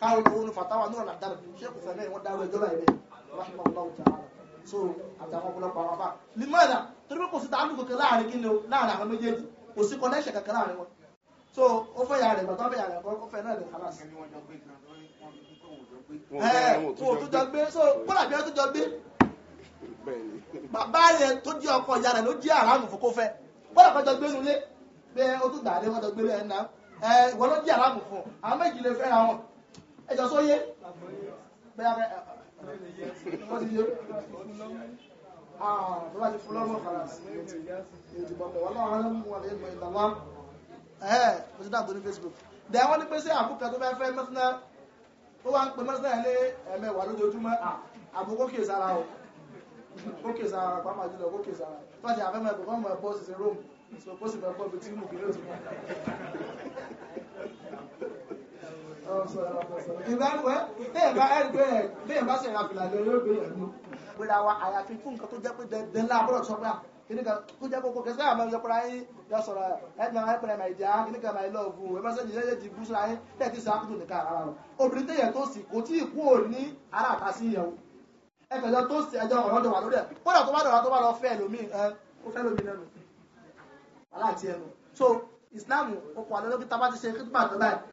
káwọn olùfàtàwà náà làdá rẹ̀ ṣé kò fẹ́ náà wọ́n dárò ìjọba ìbẹ̀ rahimahullahu ta'ala so àtàwọn ọ̀pọ̀lọpọ̀ àwọn afá limọ́ẹ̀dà torí pé kò sí tààlù kankan láàrin kí ni o láàrin àwọn méjèèjì kò sí connection kankan láàrin wọn so ó fẹ́ yàrá ìgbà tó fẹ́ yàrá ìgbà ó fẹ́ náà lè kálá sí. ẹ wọn ò tó jọ gbé so kódà bí wọn tó jọ gbé bàbá yẹn tó jẹ ọkọ ìyá rẹ ló jẹ àràmù fún kó fẹ́ kódà kan jọ gbé nulẹ bẹ́ẹ̀ ó tún gbàdé wọn jọ gbé lẹ ẹnà ẹ ìwọ ló jẹ àràmù fún àwọn méjì lè fẹ́ra wọn ẹ jọ wọ́n ti yé ààrùn láti fún lọ́rùn kàrà sí ètò ìpapọ̀ wọ́n láwọn ará mú wà lè mọ̀ ìlànà ẹ̀ẹ́ mo ti dáàbò ní Facebook dẹ̀ wọ́n ní pé sí àbúkà tó fẹ́ fẹ́ mẹ́sìnà ó wá ń pè mẹ́sìnà ẹ̀ ní ẹ̀mẹ́wàá lójoojúmọ́ àbúkó kè sára o kó kè sára pàápàá jùlọ kó kè sára fàtí àfẹ́mọ̀ ẹ̀kọ́ mọ̀ ẹ̀bọ́ sí Rome so kó sì fẹ́ bọ́ bí tí mù kí lóòtú ìbáwẹ́ bẹ́ẹ̀ bá ẹ̀rí pé bẹ́ẹ̀ bá ṣẹ̀ra fìlà lọ yóò gbé ẹ̀mú pẹ̀lú àwọn àyàfi fún nǹkan tó jẹ́ pé dandan láàbọ̀rọ̀ sọ pé kìnìkan tó jẹ́ kókó kẹsẹ́ àmọ́ ìyọpọ̀ra yín yọ sọ̀rọ̀ ẹ̀dùn àwọn ẹ̀pẹ̀rẹ̀ máa ìjà kìnìkan máa ilọ̀ ògùn ẹ̀ mẹ́sẹ̀jì yẹ́yẹ́ ti bú síra yín tẹ̀ tí sàkútù nìkan ara rẹ̀ obìnrin tẹ̀yẹ̀ tó ní ara àta sí ìyẹ̀wò ẹ̀fẹ̀jọ tó sì ẹjọ́ ọ̀rọ̀ jọ wà lórí ẹ̀ kódà tó bá dọ̀rọ̀ tó bá lọ fẹ́ lómi ẹ̀ ó fẹ́ lómi lẹ́nu aláàtì ẹnu so Islam ó kọ́ àdọ́lọ́kítà bá